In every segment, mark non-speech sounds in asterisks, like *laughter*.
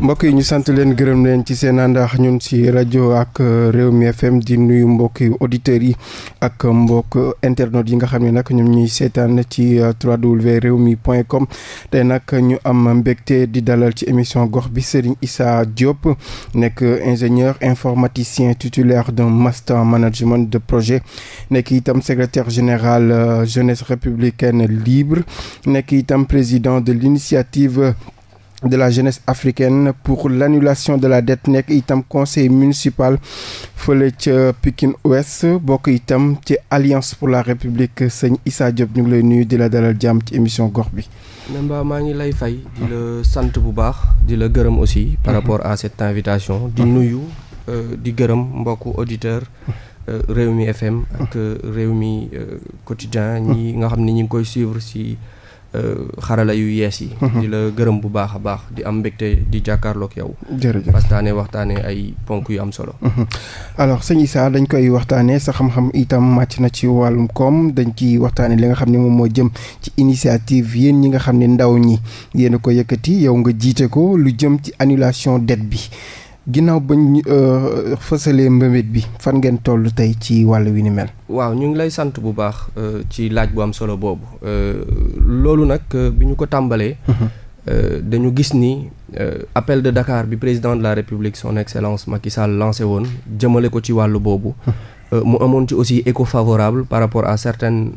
mbokk yi ñu sant leen gërëm leen ci seen àndax ñun si rajo ak euh, réew mi FM di nuyu mbokki auditeurs yi ak mbokk internautes yi nga xam ne nag ñoom ñuy seetaan ci euh, www.rewmi.com tey nag ñu am mbégte di dalal ci émission gox bi Serigne Issa Diop nekk euh, ingénieur informaticien titulaire d'un master management de projet nekk itam secrétaire général jeunesse républicaine libre nekk itam président de l'initiative de la jeunesse africaine pour l'annulation de la dette nekk itam conseil municipal fële ca Pikine Ouest bokk itam ci alliance pour la république sëñ Issa Diop ñu ngi lay nuyu di la dalal jàmm ci émission gox bi. Mbemba maa ngi lay fay. di la sant bu baax di la gërëm aussi. par mhm. rapport à cette invitation. di mhm. nuyu euh, di gërëm mbokku auditeur euh, réew mi FM. ak mhm. euh, Rewmi quotidien ñi nga xam ne ñi ngi koy suivre si. Euh, xarala yu yees yi. Mhm. di la gërëm bu baax a baax di am mbégte di jàkkaarlook yow. jërëjëf waxtaanee waxtaanee ay ponk yu am solo. Mhm. alors sëñ Issa dañ koy waxtaanee sa xam-xam itam màcc na ci wàllum koom dañ ciy waxtaanee li nga xam ne moom moo jëm ci initiative yéen ñi nga xam ne ndaw ñi yéen a ko yëkkati yow nga jiite ko lu jëm ci annulation det bi. ginnaaw bañ euh, fësalee mbëbët bi fan ngeen toll tey ci wàll wi ni mel. waaw ñu ngi lay sant bu baax euh, ci laaj bu am solo boobu euh, loolu nag bi ñu ko tàmbalee. Mhm. dañu gis ni appel de Dakar bi président de la République son excellence Macky Sall lancé woon jëmale ko ci wàllu boobu. Mhm. mu amoon ci aussi écho favorable par rapport à certaines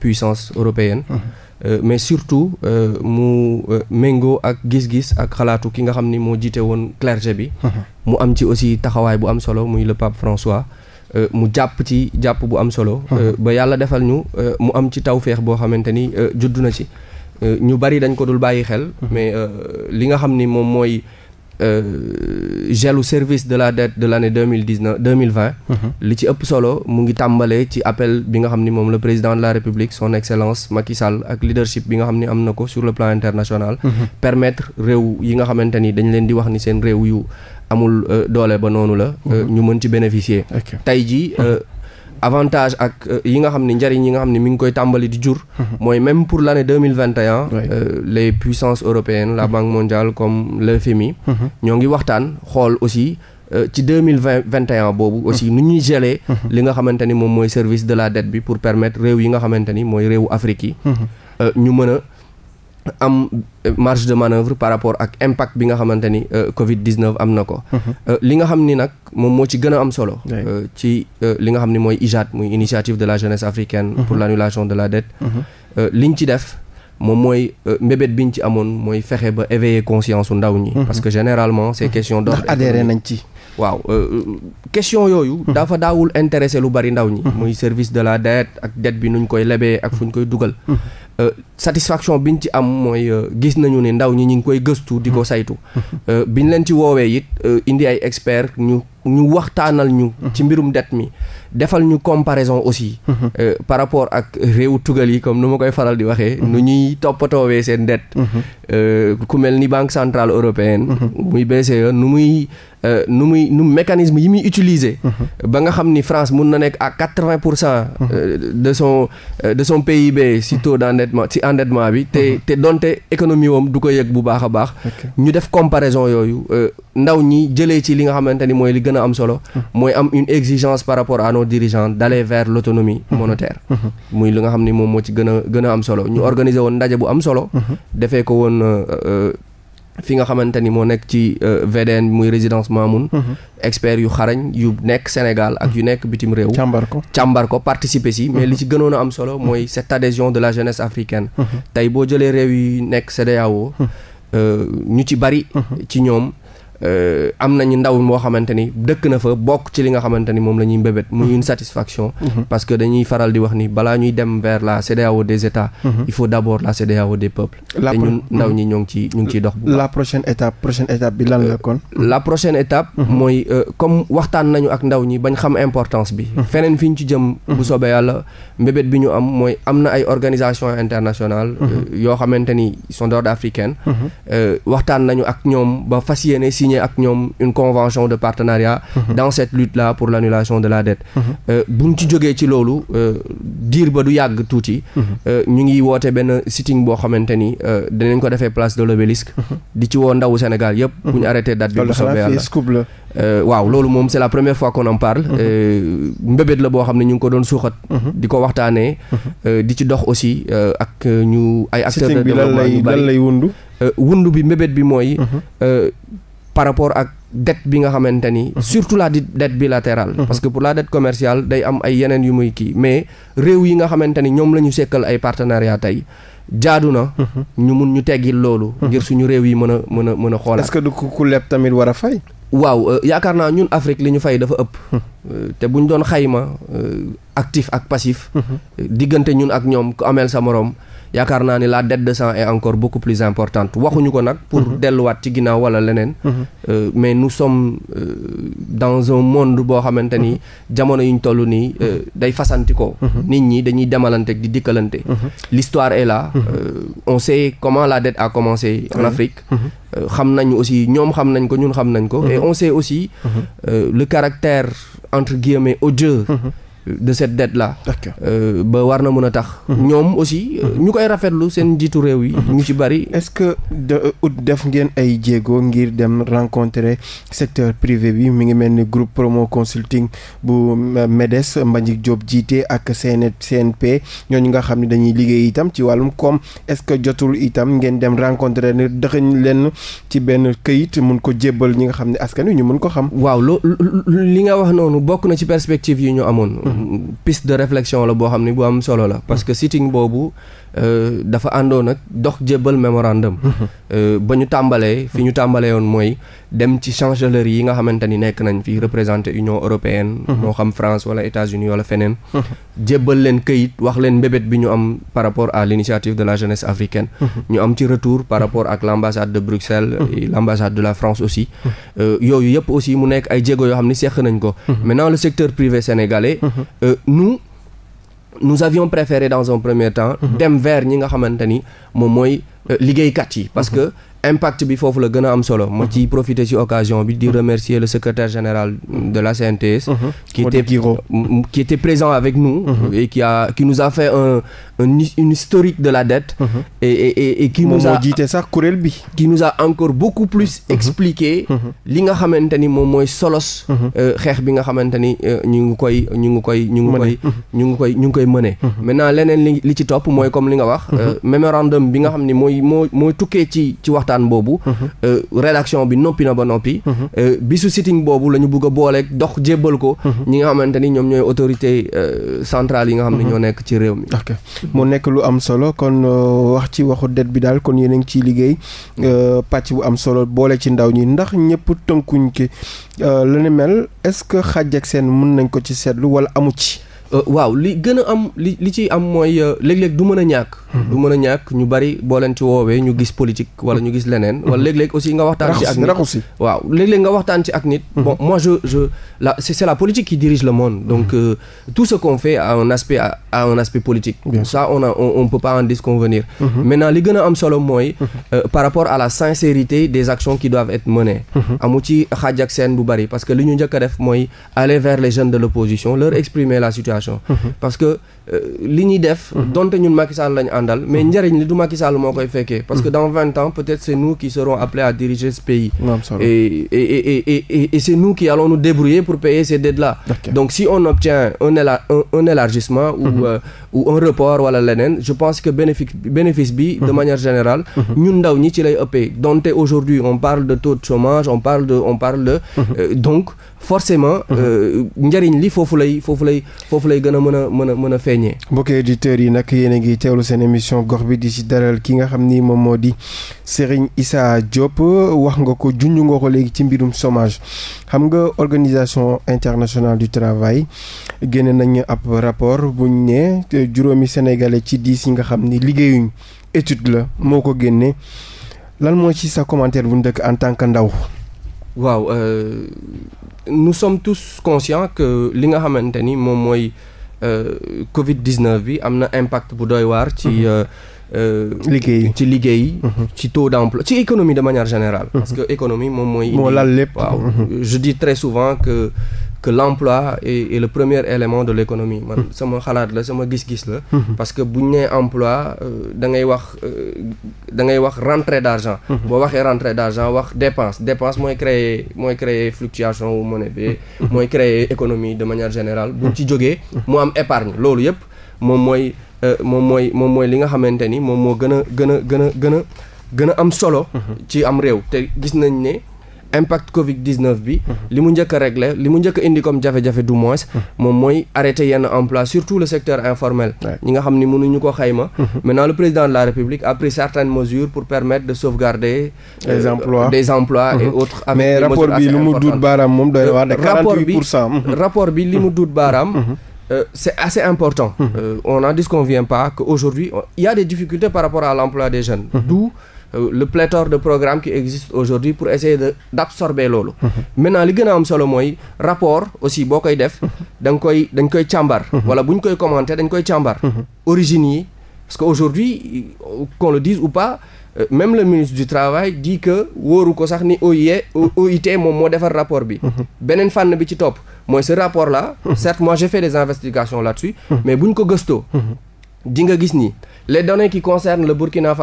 puissances européennes. Mhm. Euh, mais surtout euh, mu euh, méngoo ak gis-gis ak xalaatu ki nga xam ni moo jiite woon clergé bi *laughs* mu am ci aussi taxawaay bu am solo muy le pape François mu jàpp ci jàpp bu am solo *laughs* ba yàlla defal ñu mu am ci tawféex boo xamante ni juddu na ci ñu bari dañ ko dul bàyyi xel *laughs* mais li nga xam ni moom mooy Euh, gelu service de la dette de l' année deux mille dix neuf deux mille vingt. Uh-huh. li ci ëpp solo mu ngi tàmbalee ci appel bi nga xam ni moom le président de la république son excellence Macky Sall ak leadership bi nga xam ni am na ko sur le plan international. Uh-huh. permettre réew yi nga xamante ni dañ leen di wax ni seen réew yu amul euh, doole ba noonu la. Uh-huh. Euh, ñu mën ci bénéficier. tey jii. avantage ak euh, yi nga xam ne njariñ yi nga xam ne mu ngi koy tàmbali di jur. *laughs* mooy même pour la année deux mille vingt et un euh, les puissances européennes la mm-hmm. banque mondiale comme le FMI. Mm-hmm. ñoo ngi waxtaan xool aussi. Euh, ci deux mille vingt vingt et un boobu. Mm-hmm. aussi ni ñuy geler. li nga xamante ni moom mooy service de la dette bi pour permettre réew yi nga xamante ni mooy réewu Afrique yi. ñu mën am euh, marge de manœuvre par rapport ak impact bi nga xamante ni euh, Covid 19 am na ko. Mhm. Euh, li nga xam ni nag moom moo ci gën a am solo. ci li nga xam ni mooy IJAT muy initiative de la jeunesse africaine. Mhm. pour l'annulation de la dette. Mhm. liñ ci def. moom mooy mbébét bi ñu ci amoon mooy fexe ba éveiller conscience su ndaw ñi. parce que généralement ces questions d'ordre adhéré nañ ci. waaw question yooyu. dafa daawul intéressé lu bari ndaw ñi. muy service de la dette ak dette bi nuñ koy lebee ak fu ñu koy dugal. Euh, satisfaction bi ñu ci am mooy euh, gis nañu ni ndaw ñi ñu ngi koy gëstu di ko hmm. saytu. Hmm. Euh, bi ñu leen ci woowee it indi ay experts ñu. ñu waxtaanal ñu. ci mbirum det mi defal ñu comparaison aussi. Mhm. Euh, par rapport ak réew tugal yi comme nu ma koy faral di waxee. Mhm. nu ñuy toppatoo seen det. Mhm. Euh, ku mel ni banque centrale européenne. muy BCE nu muy euh, nu muy nu mécanisme yi muy utiliser. ba nga xam ni France mun na nekk ak quatre vingt pour cent. de son de son PIB si taux d' endettement si endettement bi. te te donte économie woom du ko yëg bu baax a baax. ñu def comparaison yooyu. ndaw ñi jëlee ci li nga xamante ni mooy li gën a am solo mooy am une exigence par rapport à nos dirigeants d'aller vers l'autonomie mhm. monétaire mhm. muy li nga xam ni moom moo ci gën a gën a am solo ñu mhm. organiser woon ndaje bu am solo defee ko woon euh, euh, fi nga xamante ni moo nekk ci euh, VDN muy résidence Mamoun expert yu xarañ yu nekk Sénégal ak yu nekk bitim réew càmbar ko càmbar ko participer si mais li ci gënoon am solo mooy cette adhésion de la jeunesse africaine tey boo jëlee réew yi nekk CEDEAO ñu ci bari Euh, am nañu ndaw moo xamante dëkk na fa bokk ci li nga xamante ni moom la ñuy mbébét muy mhm. une satisfaction mhm. parce que dañuy faral di wax ni balaa ñuy dem vers la CEDEAO des états mhm. il faut d'abord la CEDEAO des peuples te ñun ndaw ñi ñoo ngi ci ñu la prochaine étape bi lan la kon euh, la prochaine étape mooy euh, comme waxtaan nañu ak ndaw ñi bañ xam importance bi feneen fi ñu ci jëm bu soobee yàlla mbébét bi ñu am mooy am na ay organisation internationale yoo xamante ni sont d'ordre africaine waxtaan nañu signé ak ñoom une convention de partenariat mhm. dans cette lutte là pour l'annulation de la dette mhm. euh, bu ñu ci jógee ci loolu euh, diir ba du yàgg tuuti mhm. euh, ñu ngi woote benn sitting boo xamante ni dinañ ko defee place de l'obélisque di ci woo ndawu Sénégal yëpp bu ñu arrêté date bi bu soobee yàlla waaw la première fois qu'on en parle la boo xam ne ñu ngi ko doon suuxat di ko waxtaanee di ci dox aussi ak ñu ay acteurs de développement yu bari wundu bi mbébét bi mooy par rapport ak dette bi nga xamante ni. Mhm. surtout la dette bilatérale. Mhm. parce que pour la dette commerciale day am ay yeneen yu muy kii mais réew yi nga xamante ni ñoom la ñu sekkal ay partenariat tey jaadu na. Mhm. ñu mun ñu teggil loolu. ngir suñu réew yi mën a mën a mën a xoolaat. est que du ku ku leb tamit war a fay. waaw euh, yaakaar naa ñun Afrique li ñu fay dafa ëpp. Euh, te bu ñu doon xayma euh, actif ak passif. diggante ñun ak ñoom ku ameel sa moroom. yaakaar naa ni la dette de sang est encore beaucoup plus importante waxuñu ko nag pour mhm. delluwaat ci ginnaaw wala leneen mhm. euh, mais nous sommes euh, dans un monde boo xamante ni mhm. jamono yuñ toll nii euh, day fasanti ko nit ñi dañuy demalante di dikkalante l'histoire est là on sait comment la dette a commencé en Afrique xam nañu aussi ñoom xam nañ ko ñun xam nañ ko et on sait aussi le caractère entre guillemets odieux de cette dette là. Euh, ba war na mën a tax. Mhm. ñoom aussi euh, mhm. ñu koy rafetlu seen njiitu réew yi. Mhm. ñu ci bari. est-ce que de euh, def ngeen ay jéego ngir dem rencontrer secteur privé bi mi ngi mel ni groupe promo consulting bu MEDES Mbagnick Diop jiite ak CN e CNP ñooñu nga xam ne dañuy liggéey itam ci wàllum koom est-ce que jotul itam ngeen dem rencontrer ne dëxëñ lenn ci benn këyit mun ko jébbal ñi nga xam ne askan wi ñu mun ko xam. waaw loo li nga wax noonu bokk na ci perspective yi ñu amoon. piste de réflexion la boo xam ne bu am solo la parce que sitting boobu Euh, dafa àndoon ak dox jébbal mémorandum *laughs* euh, ba ñu tàmbalee fi ñu tàmbalee woon mooy dem ci chancellerie yi nga xamante ni nekk nañ fi représenté Union européenne *laughs* moo xam France wala États-Unis wala feneen *laughs* jébbal leen këyit wax leen mbébét bi ñu am par rapport à l'initiative de la jeunesse africaine ñu am retour par rapport ak l'ambassade de Bruxelles et l'ambassade de la France aussi euh, yooyu yëpp aussi mu nekk ay jéego yoo xam ni seq nañ ko maintenant le secteur privé sénégalais nous nous avions préféré dans un premier temps. Mhm. dem vers ñi nga xamante moom mooy euh, liggéeykat yi parce mhm. que. impact bi foofu la gën a am solo ma mhm. ci profiter ci occasion bi di mhm. remercier le secrétaire général de la CNTS mhm. qui était présent avec nous et qui a qui fait un historique de la dette et et et qui nous jiite sax kuréel bi qui nous a encore beaucoup plus expliqué li nga xamante ni moom mooy solos euh, xeex bi nga xamante ni ñu ngi koy ñu ngi koy ñu ngi koy ñu ngi koy ñu ngi koy mëne maintenant leneen li li ci topp mooy comme li nga wax euh, mémorandum bi nga xam ne mooy moo mooy tukkee ci ci waxtaan boobu. Euh, rédaction bi noppi na ba noppi. Euh, bisu sitting boobu la bugg a booleeg dox jébbal ko. ñi nga xamante ni ñoom ñooy autorité euh, centrale yi nga xam ne ñoo nekk ci réew mi. ok nekk lu am solo kon wax ci waxu dette bi daal kon yéen a ngi ciy liggéey pàcc bu am solo boole ci ndaw ñi ndax ñëpp tënkuñ ki lu ni mel est-ce que xàjj ak seen mën nañ ko ci seetlu wala amu ci. Euh, waaw li gën a am li li ci am mooy euh, léeg-léeg du mën a ñàkk. Mhm. du mën a ñàkk ñu bari boo leen ci woowee ñu gis politique wala ñu gis leneen. Mhm. wala léeg-léeg aussi nga waxtaan ci ak nit waaw léeg-léeg nga waxtaan ci ak nit. Mhm. bon moi je je la c'est la politique qui dirige le monde. donc euh, tout ce qu'on fait a un aspect a, a on a peut pas en disconvenir. Mm -hmm. li gën a am solo mooy. Euh, par rapport à la sincérité des actions qui doivent être menées. amu ci xaaj a def mooy aller vers de l'opposition leur exprimer la situation. génération. Mhm. Parce que Euh, li ñuy def. Mhm. donte ñun Macky Sall lañu àndal. mais mhm. njëriñ li du Macky Sall moo koy fekkee. parce que mhm. dans vingt ans peut-être c'est nous qui serons appelés à diriger ce pays. et c'est nous qui allons nous débrouiller pour payer ces dettes donc si on obtient un élargissement. Euh, ou un report wala leneen je pense que bénéfice bénéfice bi. de manière générale. ñun ndaw ñi ci lay ëppee donte aujourd'hui on parle de taux de chômage on parle de euh, donc forcément. njëriñ li foofu lay a a mën a mën gagné. mbokki auditeurs yi nag yéen a ngi teewlu seen émission gox bi di ci daral ki nga xam ni moom moo di Serigne Issa Diop wax nga ko junj nga ko léegi ci mbirum chômage xam nga organisation internationale du travail génne nañu ab rapport buñ ne juróomi sénégalais ci diis yi nga xam ni liggéeyuñ étude la moo ko génne lan moo ci sa commentaire bu ndëkk en tant que ndaw. waaw euh, nous sommes tous conscients que li nga xamante ni moom mooy. Euh, Covid 19 bi am na impact bu doy waar. ci mhm. euh, euh, liggéey ci liggéey. Mhm. ci taux d'emploi ci économie de manière générale. Mhm. parce que économie moom mooy. moo lal lépp waaw je dis très souvent que. que l'emploi est, le premier élément de l'économie man hmm. sama xalaat la sama gis-gis la hmm. parce que bu ñu nee emploi euh, da ngay wax euh, da ngay wax rentrée d'argent hmm. boo waxee rentrée d'argent wax dépense dépense mooy créer mooy créer fluctuation wu monnaie bi mooy créer économie de manière générale buñ ci jógee moo am épargne loolu yëpp moom mooy euh, moom mooy moom mooy li nga xamante ni moom moo gën a gën a gën a gën a gën a am solo ci am réew te gis nañ ne impact Covid 19 bi. Mhm. li mu njëkk a li mu njëkk a indi comme jafe-jafe du moins. Mhm. moom mooy arrêté yenn emploi surtout le secteur informel. ñi nga xam ni mënuñu ko xayma. Mhm. maintenant le président de la République a pris certaines mesures pour permettre de sauvegarder. Euh, des emplois et autres. avec bi li mu duut baaraam moom doy waar euh, rapport bi li mu duut baaraam. Euh, c'est assez important. Mm on n'en disconvient pas qu'aujourd'hui, il y des difficultés par rapport à l'emploi des jeunes. Mm Euh, le pléthore de programmes qui existent aujourd'hui pour essayer de d'absorber loolu mhm. maintenant li gën a am solo mooy rapport aussi boo koy def mhm. da koy dañ koy càmbar mhm. wala bu ñu koy commenter dañ koy càmbar origine yi parce que aujourd'hui qu'on le dise ou pas euh, même le ministre du travail dit que wóoru ko sax ni OIE OIT moom moo defar rapport bi beneen fànn bi ci topp mooy ce rapport là certes moi j'ai fait des investigations là-dessus mais bu ñu ko gëstoo di nga ni les données qui concernent le Burkina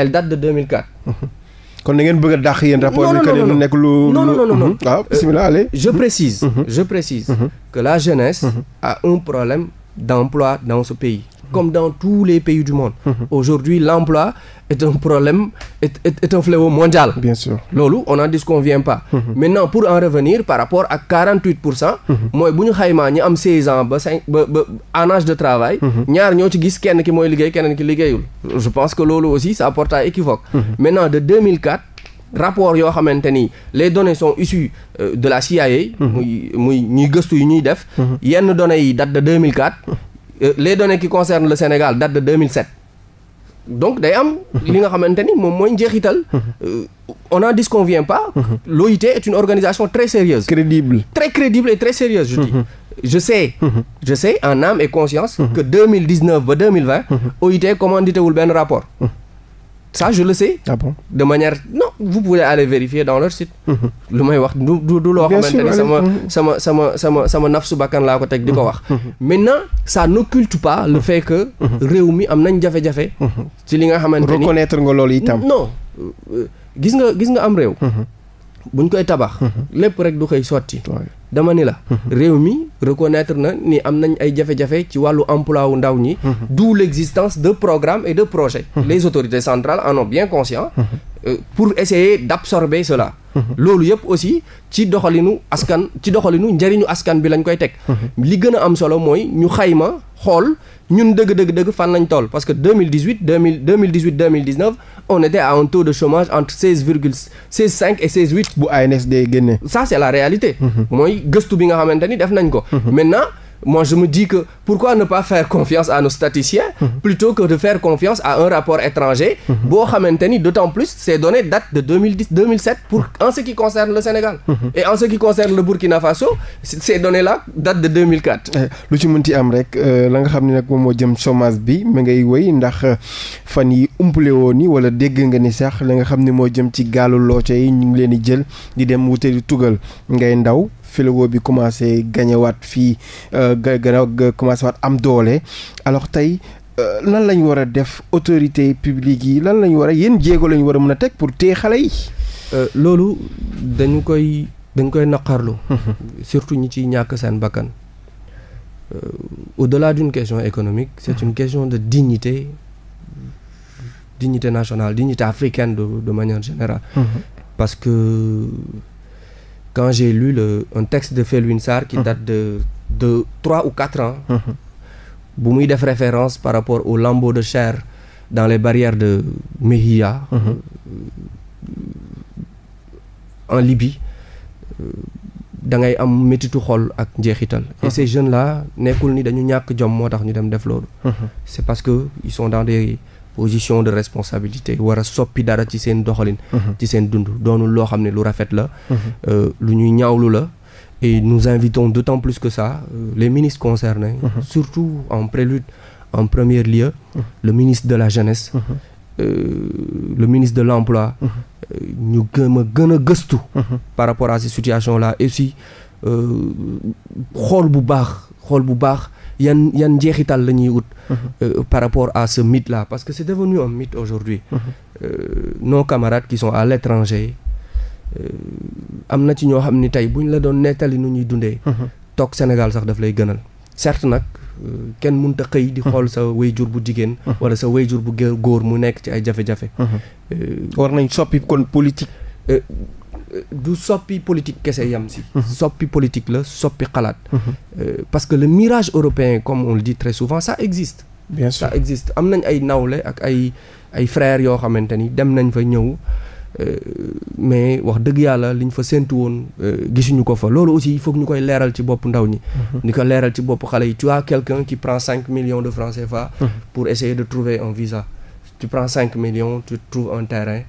elle date de 2004. *laughs* kon da ngeen bëgg a dàq yéen rapport bi que ne nekk lu. non non non non ah, euh, je précise. Mhm. je précise. Mhm. que la jeunesse. Mhm. a un problème d'emploi dans ce pays. comme dans tous les pays du monde. Mhm. aujourd'hui l'emploi est un problème est, est, est un mondial. bien sûr loolu on n'en disconvient pas. Mhm. maintenant pour en revenir par rapport ak pour cent. Mhm. mooy bu ñu xaymaa ñi am 16 ans ba 5 ba ba en âge de travail. ñaar ñoo ci gis kenn ki mooy liggéey keneen ki liggéeyul. je pense que loolu aussi ça porte à équivoque. maintenant de rapport yoo xamante ni les données sont issues euh, de la CIA. muy ñuy gëstu yu ñuy def. yenn données Euh, les données qui concernent le Sénégal datent de 2007 donc day am li nga xamante ni moom mooy njeexital euh, on n'en disconvient pas l'OIT est une organisation très sérieuse crédible très crédible et très sérieuse je dis je sais je sais en âme et conscience que 2019 ba 2020 mhm. OIT commandité wul benn rapport ça je le sais. Ah bon? de manière non vous pouvez aller vérifier dans leur site. Mhm. lu may wax du du du loo xamante sama mhm. sama sama sama sama nafsu bakkan laa ko teg di ko wax. Mhm. maintenant ça n'occulte pas le fait que. réew mi am nañ jafe-jafe. ci li nga xamante ni reconnaître nga loolu itam. non euh, gis nga gis nga am réew. buñ koy tabax. lépp rek du koy sotti. dama ni la. Mhm. réew mi reconnaître na ni am nañ ay jafe-jafe ci wàllu emploi wu ndaw ñi. Mhm. d'où l'existence de programmes et de projet mhm. les autorités centrales en ont bien conscience. Euh, pour essayer d'absorber cela. *laughs* loolu yëpp aussi ci doxalinu askan ci doxalinu njëriñu askan bi lañ koy teg. *laughs* li gën a am solo mooy ñu xayma xool ñun dëgg dëgg dëgg fan lañ toll parce que deux mille dix huit deux mille deux mille dix huit deux mille dix neuf on était à un taux de chômage entre et seize huit. bu génne. ça c'est la réalité. *laughs* mooy gëstu bi nga xamante ni def nañ ko. maintenant. moi je me dis que pourquoi ne pas faire confiance à nos statisticiens mhm. plutôt que de faire confiance à un rapport étranger mhm. boo xamante ni d'autant plus ces données datent de 2010 2007 pour mhm. en ce qui concerne le Sénégal et en ce qui concerne le Burkina Faso ces données là datent de eh, lu ci mun ti am rek euh, la nga xam ni nag moom moo jëm chômage bi ma ngay wéy ndax euh, fan yi umpale woo ni wala dégg nga ni sax la nga xam ni moo jëm ci gaalu looco yi ñu ngi leen di jël di dem wutali tugal ngay ndaw fléau bi commencé gañewaat fii euh, gannaaw commencé waat am doole alors tey euh, lan lañ war a def autorité publique yi lan lañ war a yéen jéego lañ war a mën a teg pour téye xale yi euh, loolu dañu koy dañ koy naqarlu mhm. surtout ñi ciy ñàkk seen bakkan au-delà d'une question économique c'est mhm. une question de dignité dignité nationale dignité africaine de de manière générale mhm. parce que quand j'ai lu le, un texte de Felwine Sarr qui date de, de 3 ou quatre ans, bu muy def référence par rapport au lambeau de chair dans les barrières de Mehia, euh, en Libye. Euh, am métitu xol ak njeexital. et ces jeunes là nekkul ni dañu ñàkk jom moo tax ñu dem def loolu. c'est parce que ils sont dans des position de responsabilité war soppi dara ci seen doxalin mhm. ci seen dund doonul loo xam ne lu rafet la mhm. euh, lu ñuy ñaawlu la et nous invitons d'autant plus que ça euh, les ministres concernés mhm. surtout en prélude en premier lieu le ministre de la jeunesse euh, le ministre de l'emploi ñu gën a gën a gëstu par rapport à ces situations là et aussi xool bu baax xool bu baax yan yan njeexital la ñuy wut. Mhm. Euh, par rapport à ce mythe là parce que c'est devenu un mythe aujourd'hui mhm. euh, nos camarades qui sont à l'étranger euh, am na ci ñoo xam ni tey bu ñu la doon nettali nu ñuy dundee. Mhm. toog Sénégal sax daf lay gënal. certes nag euh, kenn mun ta xëy di xool sa wayjur bu jigéen. wala sa way wayjur bu góor mu nekk ci ay jafe-jafe. war nañ soppi kon politique. du soppi politique kese yam si mhm. soppi politique la soppi xalaat mhm. euh, parce que le mirage européen comme on le dit très souvent ça existe bien sûr ça existe am nañ ay nawle ak ay ay yoo xamante ni dem nañ fa ñëw euh, mais wax dëgg yàlla liñ fa séntu woon euh, gisuñu ko fa loolu aussi il faut ñu koy leeral ci bopp ndaw ñi ni mhm. ko leeral ci bopp xale yi tu quelqu'un qui prend cinq millions de francs CFA pour essayer de trouver un visa tu prends cinq millions tu trouves un terrain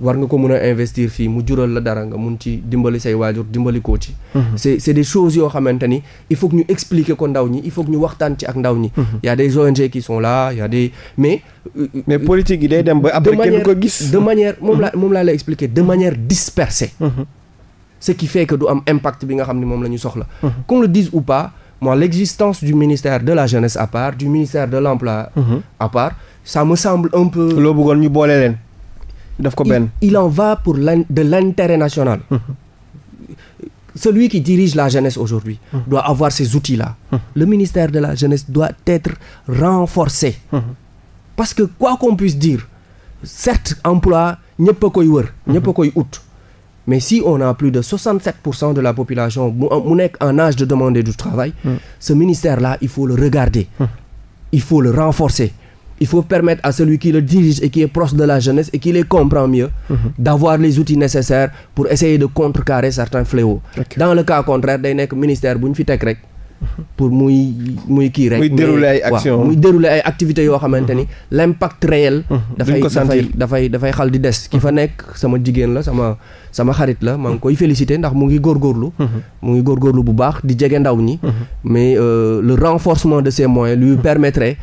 war nga ko mën a investir fii mu jural la dara nga mun ci dimbali say waajur dimbali koo ci. Mhm. c'est c'est des yoo xamante ni il faut que ñu expliquer ko ndaw ñi il faut que ñu waxtaan ci ak ndaw ñi. Mhm. y a des ONG qui sont là y a des mais. Euh, mais politique yi day dem ba après de manière moom laa mhm. moom laa dispersée. ce qui fait que du am impact bi nga xam ne moom la ñu soxla. qu'on le dise ou pas l'existence du ministère de la jeunesse à part du ministère de l'emploi à part ça me def ko benn va pour de l'intérêt national celui la jeunesse aujourd'hui doit avoir ces outils-là le ministère de parce que quoi qu'on puisse dire ñëpp a koy wër ñëpp a koy ut mais si on a plus de 67 pour cent de la population mu nekk en âge de il faut le regarder il le renforcer il faut permettre à celui qui le dirige et qui est proche de la jeunesse et qui les comprend mieux mhm. d'avoir les outils nécessaires pour essayer de contrecarrer certains fléaux. dans le cas contraire day nekk ministère bu ñu fi teg rek. Mhm. pour muy muy kii rek. muy dérouler ay actions muy dérouler ay activités yoo xamante ni mhm. l'impact réel. dafay dafay dafay dafay xal di des. ki fa nekk sama jigéen la sama. sama xarit la maa ngi koy félicité ndax mu ngi góorgóorlu mu ngi góorgóorlu bu baax di jege ndaw ñi mais euh, le renforcement de ces moyens lui permettrait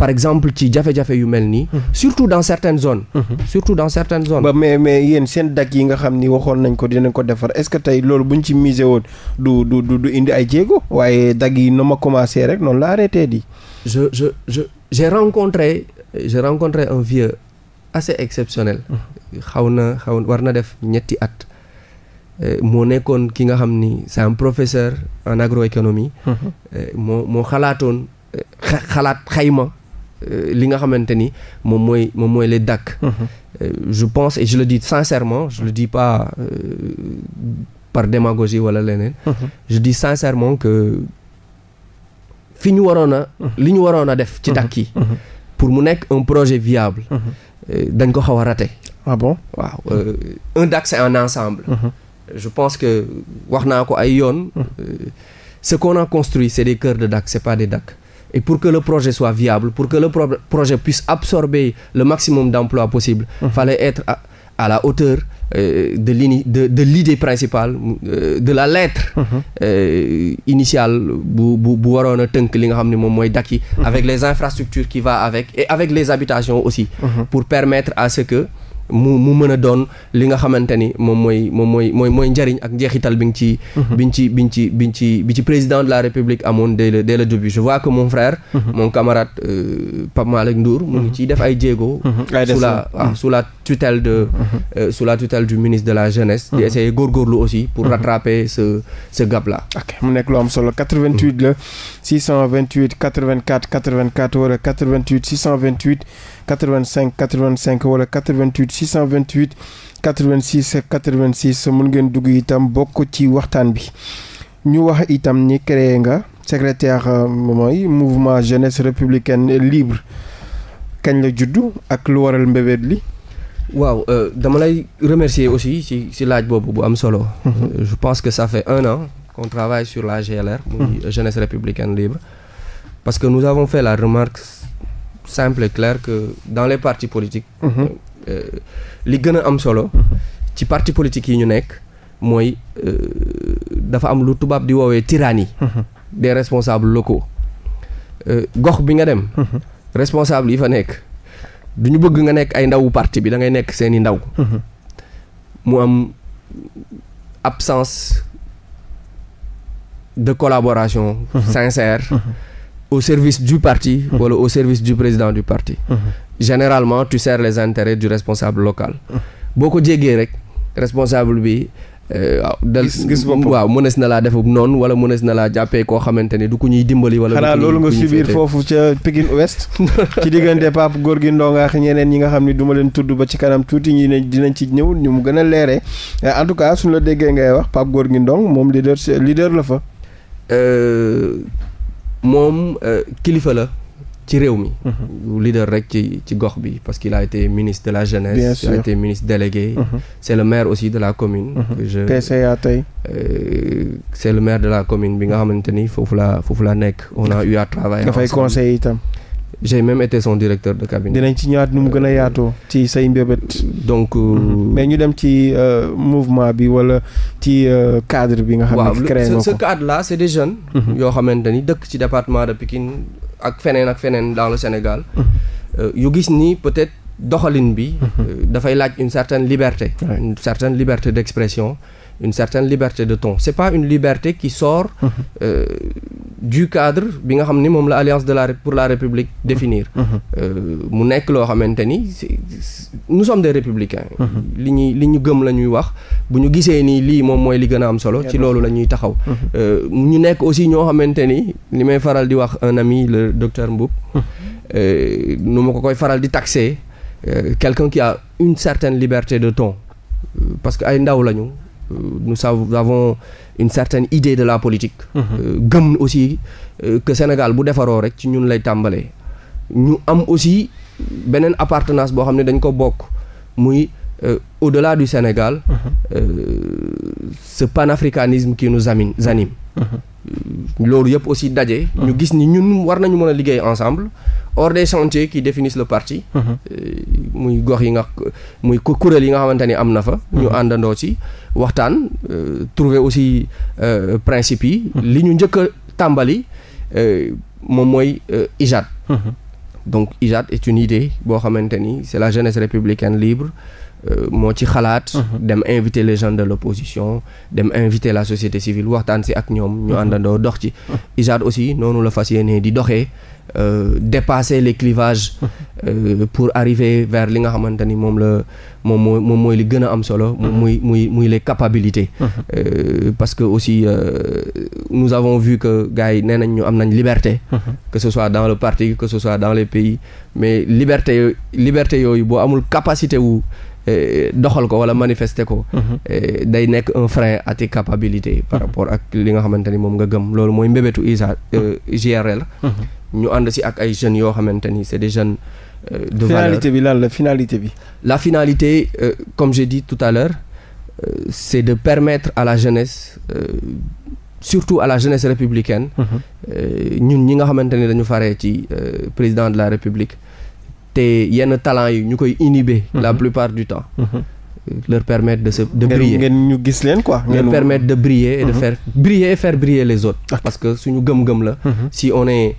par exemple ci jafe-jafe yu mel nii surtout dans certaines zone surtout dans certaines zones ba mais mais yéen seen dak yi nga xam ni waxoon nañ ko dinañ ko defar est-ce que tey loolu bu buñ ci misé woon du du du indi ay jéego waaye dagg yi na ma commencé rek noonu la arrêté di je je je j'ai rencontré j'ai un vieux assez exceptionnel. xaw na xaw war na def ñetti at. Eh, moo nekkoon ki nga xam ni c'est un professeur en agroéconomie. Eh, moo moo xalaatoon eh, xalaat xayma. li nga xamante ni moom mooy moom mooy les DAC. je pense et je le di sincèrement je le di pas euh, par démagogie wala leneen. je dis sincèrement que fi ñu waroon li ñu waroon a def. ci DAC yi. pour mu nekk un projet viable. dañ ko xaw a raté. ah bon waaw euh, un DAC c'est un ensemble. Mhm. je pense que wax naa ko ay yoon. Mhm. ce qu'on a construit c'est des cœurs de DAC c'est pas des DAC. et pour que le projet soit viable pour que le pro projet puisse absorber le maximum d'emplois possible. Mhm. fallait être à la hauteur Euh, de l'ini de de l'idée principale euh, de la lettre mhm. euh, initiale bu bu bu waroon a tënk li nga xam ne moom mooy Daki mhm. avec les infrastructures qui va avec et avec les habitations aussi mhm. pour permettre à ce que mu mu mën a doon li nga xamante ni moom mooy moom mooy mooy mooy njariñ ak njeexital bi nga ci mhm. biñ ci biñ ci biñ ci bi ci président de la république amoon dès le dès le début je vois que mon frère mhm. mon camarade euh, Pape Malick Ndour mu ngi mhm. ciy def ay jéego sous la ah la tutelle de euh, sous la tutelle du ministre de la jeunesse di essayer góorgóorlu aussi pour rattraper ce ce gap là ok mu nekk lu am solo 88 la 628 84 84 wala 88 628 85 85 wala 88 628 86 86 mun ngeen dugg itam bokk ci waxtaan bi ñu wax itam ni créé nga secrétaire euh, mooy mouvement jeunesse républicaine libre kañ la juddu ak lu waral mbébét li. waaw euh, dama lay remercier aussi ci ci laaj boobu bu am solo. Mhm. Euh, je pense que ça fait un an qu'on travaille sur la GLR. muy mm républicaine libre. parce que nous avons fait la remarque simple et clair que dans les parti politiques mhm. euh, li gën a am solo mhm. ci parti politique yi ñu nekk mooy euh, dafa am lu tubaab di woowee tyrannie mhm. des responsables locaux euh, gox bi nga dem responsable yi fa nekk du ñu bëgg nga nekk ay ndawu parti bi da ngay nekk seeni ndaw mu am absence de collaboration sincère au service du parti wala au service du président du parti généralement tu sers les intérêts du responsable local boo ko jéggee rek responsable bi euh, ah, waaw mënees na laa def noonu wala mënees na laa jàppee koo xamante ni du ko ñuy dimbali wala xanaa loolu nga subir foofu ca Pikine Ouest *laughs* ci diggante Pape Gorgui Ndonga ñeneen ñi nga xam ne duma leen tudd ba ci kanam tuuti ñi ne dinañ ci ñëw ñu mu gën a leere euh, en tout cas suñu la déggee ngay wax Pape Gorgui Ndong moom leader leader la fa euh, moom euh, kilifa la ci réew mi. Mhm. leader rek ci ci gox bi parce qu'il a été ministre de la jeunesse. bien sûr il a été ministre délégué. Mhm. c'est le maire aussi de la commune. Mhm. que je PCA euh, c'est le maire de la commune bi nga xamante ni foofu la foofu la nekk on a eu à travailler. dafay conseil itam. j'ai même été son directeur de cabinet. dinañ ci ñëwaat nu mu gën a yaatoo ci say mbébét. donc. Euh, mm-hmm. mais ñu dem ci euh, mouvement bi wala ci euh, cadre bi nga. xam ne créé nga ko ce cadre des jeunes. Mm-hmm. yoo xamante ni dëkk ci département de Pikine ak feneen ak feneen dans le Sénégal. Mm-hmm. yu gis ni peut-être doxalin bi. dafay laaj une certaine liberté. une certaine liberté d'expression. une certaine liberté de ton c'est pas une liberté qui soor mhm. euh, du cadre bi nga xam ni moom la alliance de la pour la république mhm. définir mhm. Euh, mu nekk loo xamante ni nous sommes de républicains li ñuy li ñu gëm la ñuy wax bu ñu gisee nii lii moom mooy li gën a am solo ci loolu la ñuy taxaw euh, ñu nekk aussi ñoo xamante ni li may faral di wax un ami le docteur Mboup euh, nu ma ko koy faral di taxer quelqu'un qui a une certaine liberté de ton parce que ay ndaw lañu Euh, nous avons une certaine idée de la politique. Mhm. Euh, gëm aussi euh, que Sénégal bu defaroo rek ci ñun lay tàmbalee. ñu am aussi beneen appartenance boo xam ne dañ ko bokk muy au-delà du Sénégal. Mhm. ce panafricanisme qui nous amine anime. Mhm. loolu yëpp aussi daje. ñu gis ni ñun war nañu mën a liggéey ensemble hors des chantiers qui définissent le parti. muy gox yi nga muy kuréel yi nga xamante ni am na fa. ñu àndandoo ci. waxtaan euh, trouver aussi euh, principe yi. li ñu njëkk a tàmbali euh, moom mooy IJAD. donc IJAD est une idée boo xamante ni c'est la jeunesse républicaine libre. moo ci xalaat. dem inviter les gens de l'opposition dem inviter la société civile waxtaan si ak ñoom. ñu àndandoo dox ci. IJAD aussi noonu la fas yéenee di doxee. euh, dépasser les clivages *laughs* euh, pour arriver vers li nga xamante ni moom la moom mooy moom mooy li gën a am solo moom mhm. muy muy muy les capacités mhm. euh, parce que aussi euh, nous avons vu que gars yi nee nañ ñu am nañ liberté mhm. que ce soit dans le partie que ce soit dans les pays mais liberté liberté yooyu boo amul capacité wu Eh, doxal ko wala manifester ko. Mhm. Eh, day nekk un frein at tes par mhm. rapport ak li nga xamante ni moom nga gëm loolu mooy mbébétu ISRA IGRL. Euh, mhm. ñu ànd si ak ay jeunes yoo xamante ni c'est des jeunes. Euh, de finalité bi lan la finalité bi. la finalité euh, comme j'ai dit tout à l'heure euh, c'est de permettre à la jeunesse euh, surtout à la jeunesse républicaine. Euh, ñun ñi nga xamante ni dañu faree ci président de la République. te yenn talent yi ñu koy inhiber. Mhm. la plupart du temps. Mhm. leur permettre de se de briller ngeen ñu gis leen quoi. ngeen permettre de briller et de mhm. faire briller e faire briller les autres. parce que suñu gëm-gëm la. si on est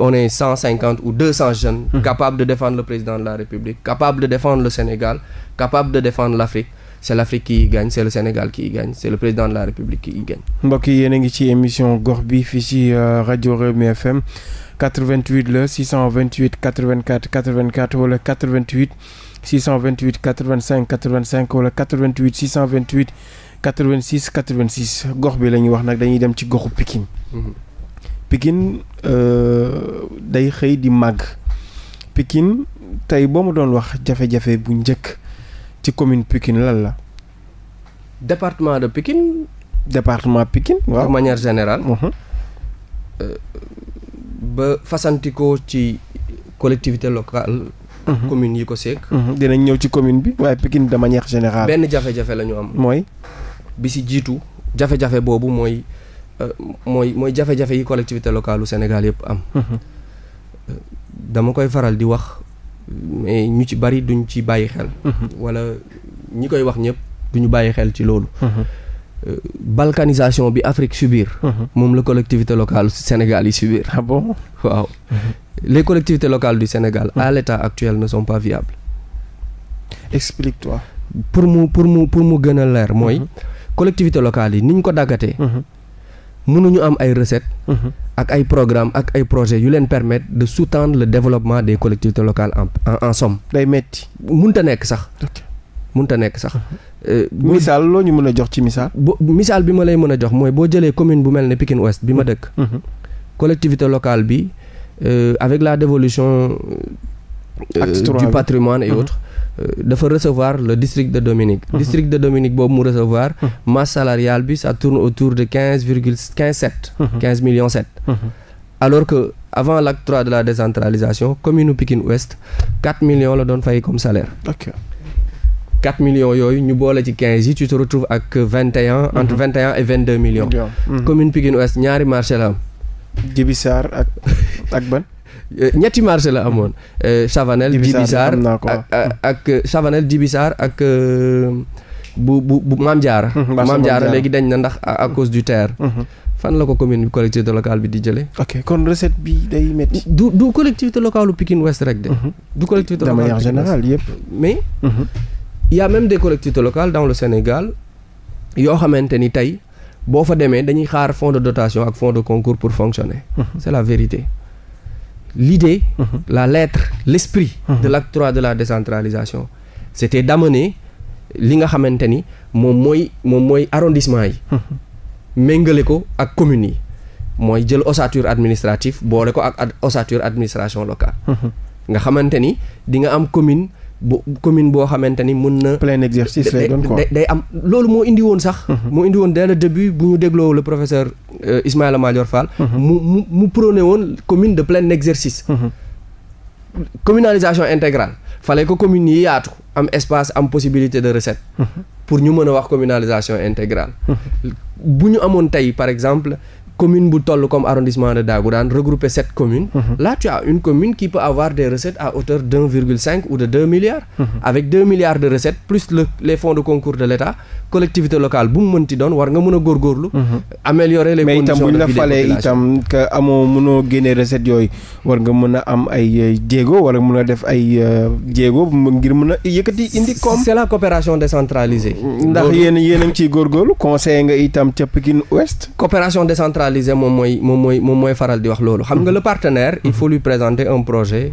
on est cinquante ou deux cents jeunes. capables de défendre le président de la République capables de défendre le Sénégal capables de défendre l'Afrique. c'est l'Afrique qui y gagne c'est le Sénégal qui y gagne c'est le président de la République qui y gagne. mbokk yi a ngi ci émission gox bi fii ci euh, rajo Rewmi FM. 88 la 628 84 84 wala 88 628 85 85 wala 88 628 86 86 gox bi la ñuy wax nag dañuy dem ci goxu Pikine. Mhm. Pikine euh, day xëy di màgg. Pikine tey boo ma doon wax jafe-jafe bu njëkk ci commune Pikine lan la. département de Pikine. département Pikine waaw de manière générale. Uh mhm. -huh. euh, ba fasantikoo ci collectivité locale. Mhm. commune yi ko seek. Mhm. dinañ ñëw ci commune bi waaye Pikine de manière générale. benn jafe-jafe la am. mooy. bi si jiitu jafe-jafe boobu mooy euh, mooy mooy jafe-jafe yi collectivité locale u Sénégal yëpp am. Mhm. Euh, dama koy faral di wax mais ñu ci bari duñ ci bàyyi xel. wala ñi koy wax ñëpp duñu bàyyi xel ci loolu. Euh, balkanisation bi Afrique subir. Mhm. moom la collectivité locale Sénégal yi subir. ah bon waaw. Mhm. les collectivités locales du Sénégal. à mhm. l'état actuel ne sont pas viables. explique-toi. pour mu pour mu pour mu gën a leer mooy. collectivités locales yi niñ ñu ko daggatee. mënuñu am ay recettes. ak ay programmes ak ay projet yu leen permettre de sous-tendre le développement des collectivités locales en en, en somme. day metti mënta nekk sax. mënta nekk sax. Euh, misaal loo ñu mën a jox ci misaal. bu misaal bi ma lay mën a jox mooy boo jëlee commune bu mel ne Pikine Ouest bi ma mmh. dëkk. Mmh. collectivité locale bi euh, avec la dévolution. Euh, du patrimoine et mmh. autres. dafa recevoir la district de Dominique. district de Dominique boobu mu recevoir. masse bi ça tourne autour de quinze virgule quinze sept. quinze millions sept. alors que avant l'acte de la décentralisation commune Pikine Ouest quatre millions la doon fay comme salaire. 4 millions yooyu ñu boole ci 15 yi tu te retrouves ak 21. Mhm. entre 21 et 22 millions. Mhm. commune Pikine Ouest ñaari marché la am. *laughs* Djibi Sarr ak ban. *laughs* Euh, ñetti marché la amoon. Euh, Chavanel Djibi euh, Sarr ak ak Chavanel Djibi ak. bu bu bu Maam Jaara Maam Jaara léegi dañ na ndax à mhm. cause du terre fan la ko commune collectivité locale bi di jëlee ok kon recette bi day métti du du collectivité locale u Pikine rek de du collectivité locale de manière générale yëpp mais il y a même des collectivités locales dans le Sénégal yoo xamante ni tey boo fa demee dañuy xaar fonds de dotation ak fonds de concours pour fonctionner. Mmh. c'est la vérité. l'idée mmh. la lettre l'esprit mhm. de l'acte de la décentralisation c'était d'amener li nga xamante ni moom mooy moom mooy arrondissement yi mhm. méngale ko ak communes yi mooy jël ossature administrative boole ko ak ossature administration locale mhm. nga xamante ni di nga am commune bu commune boo xamante ni mun na. plein exercice lay day am loolu moo indi woon sax. Mhm. moo indi woon dès le début bu ñu dégloo le professeur euh, Ismaïla Madior Fall. Mhm. mu mu mu prôné woon commune de plein exercice. Mhm. communalisation intégrale fallait ko commune yi yaatu am espace am possibilité de recette. pour ñu mën a wax communalisation intégrale. bu ñu amoon tey par exemple. commune bu toll comme arrondissement de Dagoudane regrouper sept communes mm une commune qui peut avoir des recettes à hauteur d' ou de milliards mhm. avec milliards de recettes plus le, fonds de concours de l'État collectivité locale bu mu mënti doon war nga mën a góorgóorlu mhm. améliorer les conditions de vie mais itam bu ñu la falee a a def euh, a ndax yéen yéen a ngi ciy conseil nga itam ca Pikine Ouest coopération décentralisée généraliser moom mooy moom mooy moom mooy faral di wax loolu xam nga le partenaire il faut lui présenter un projet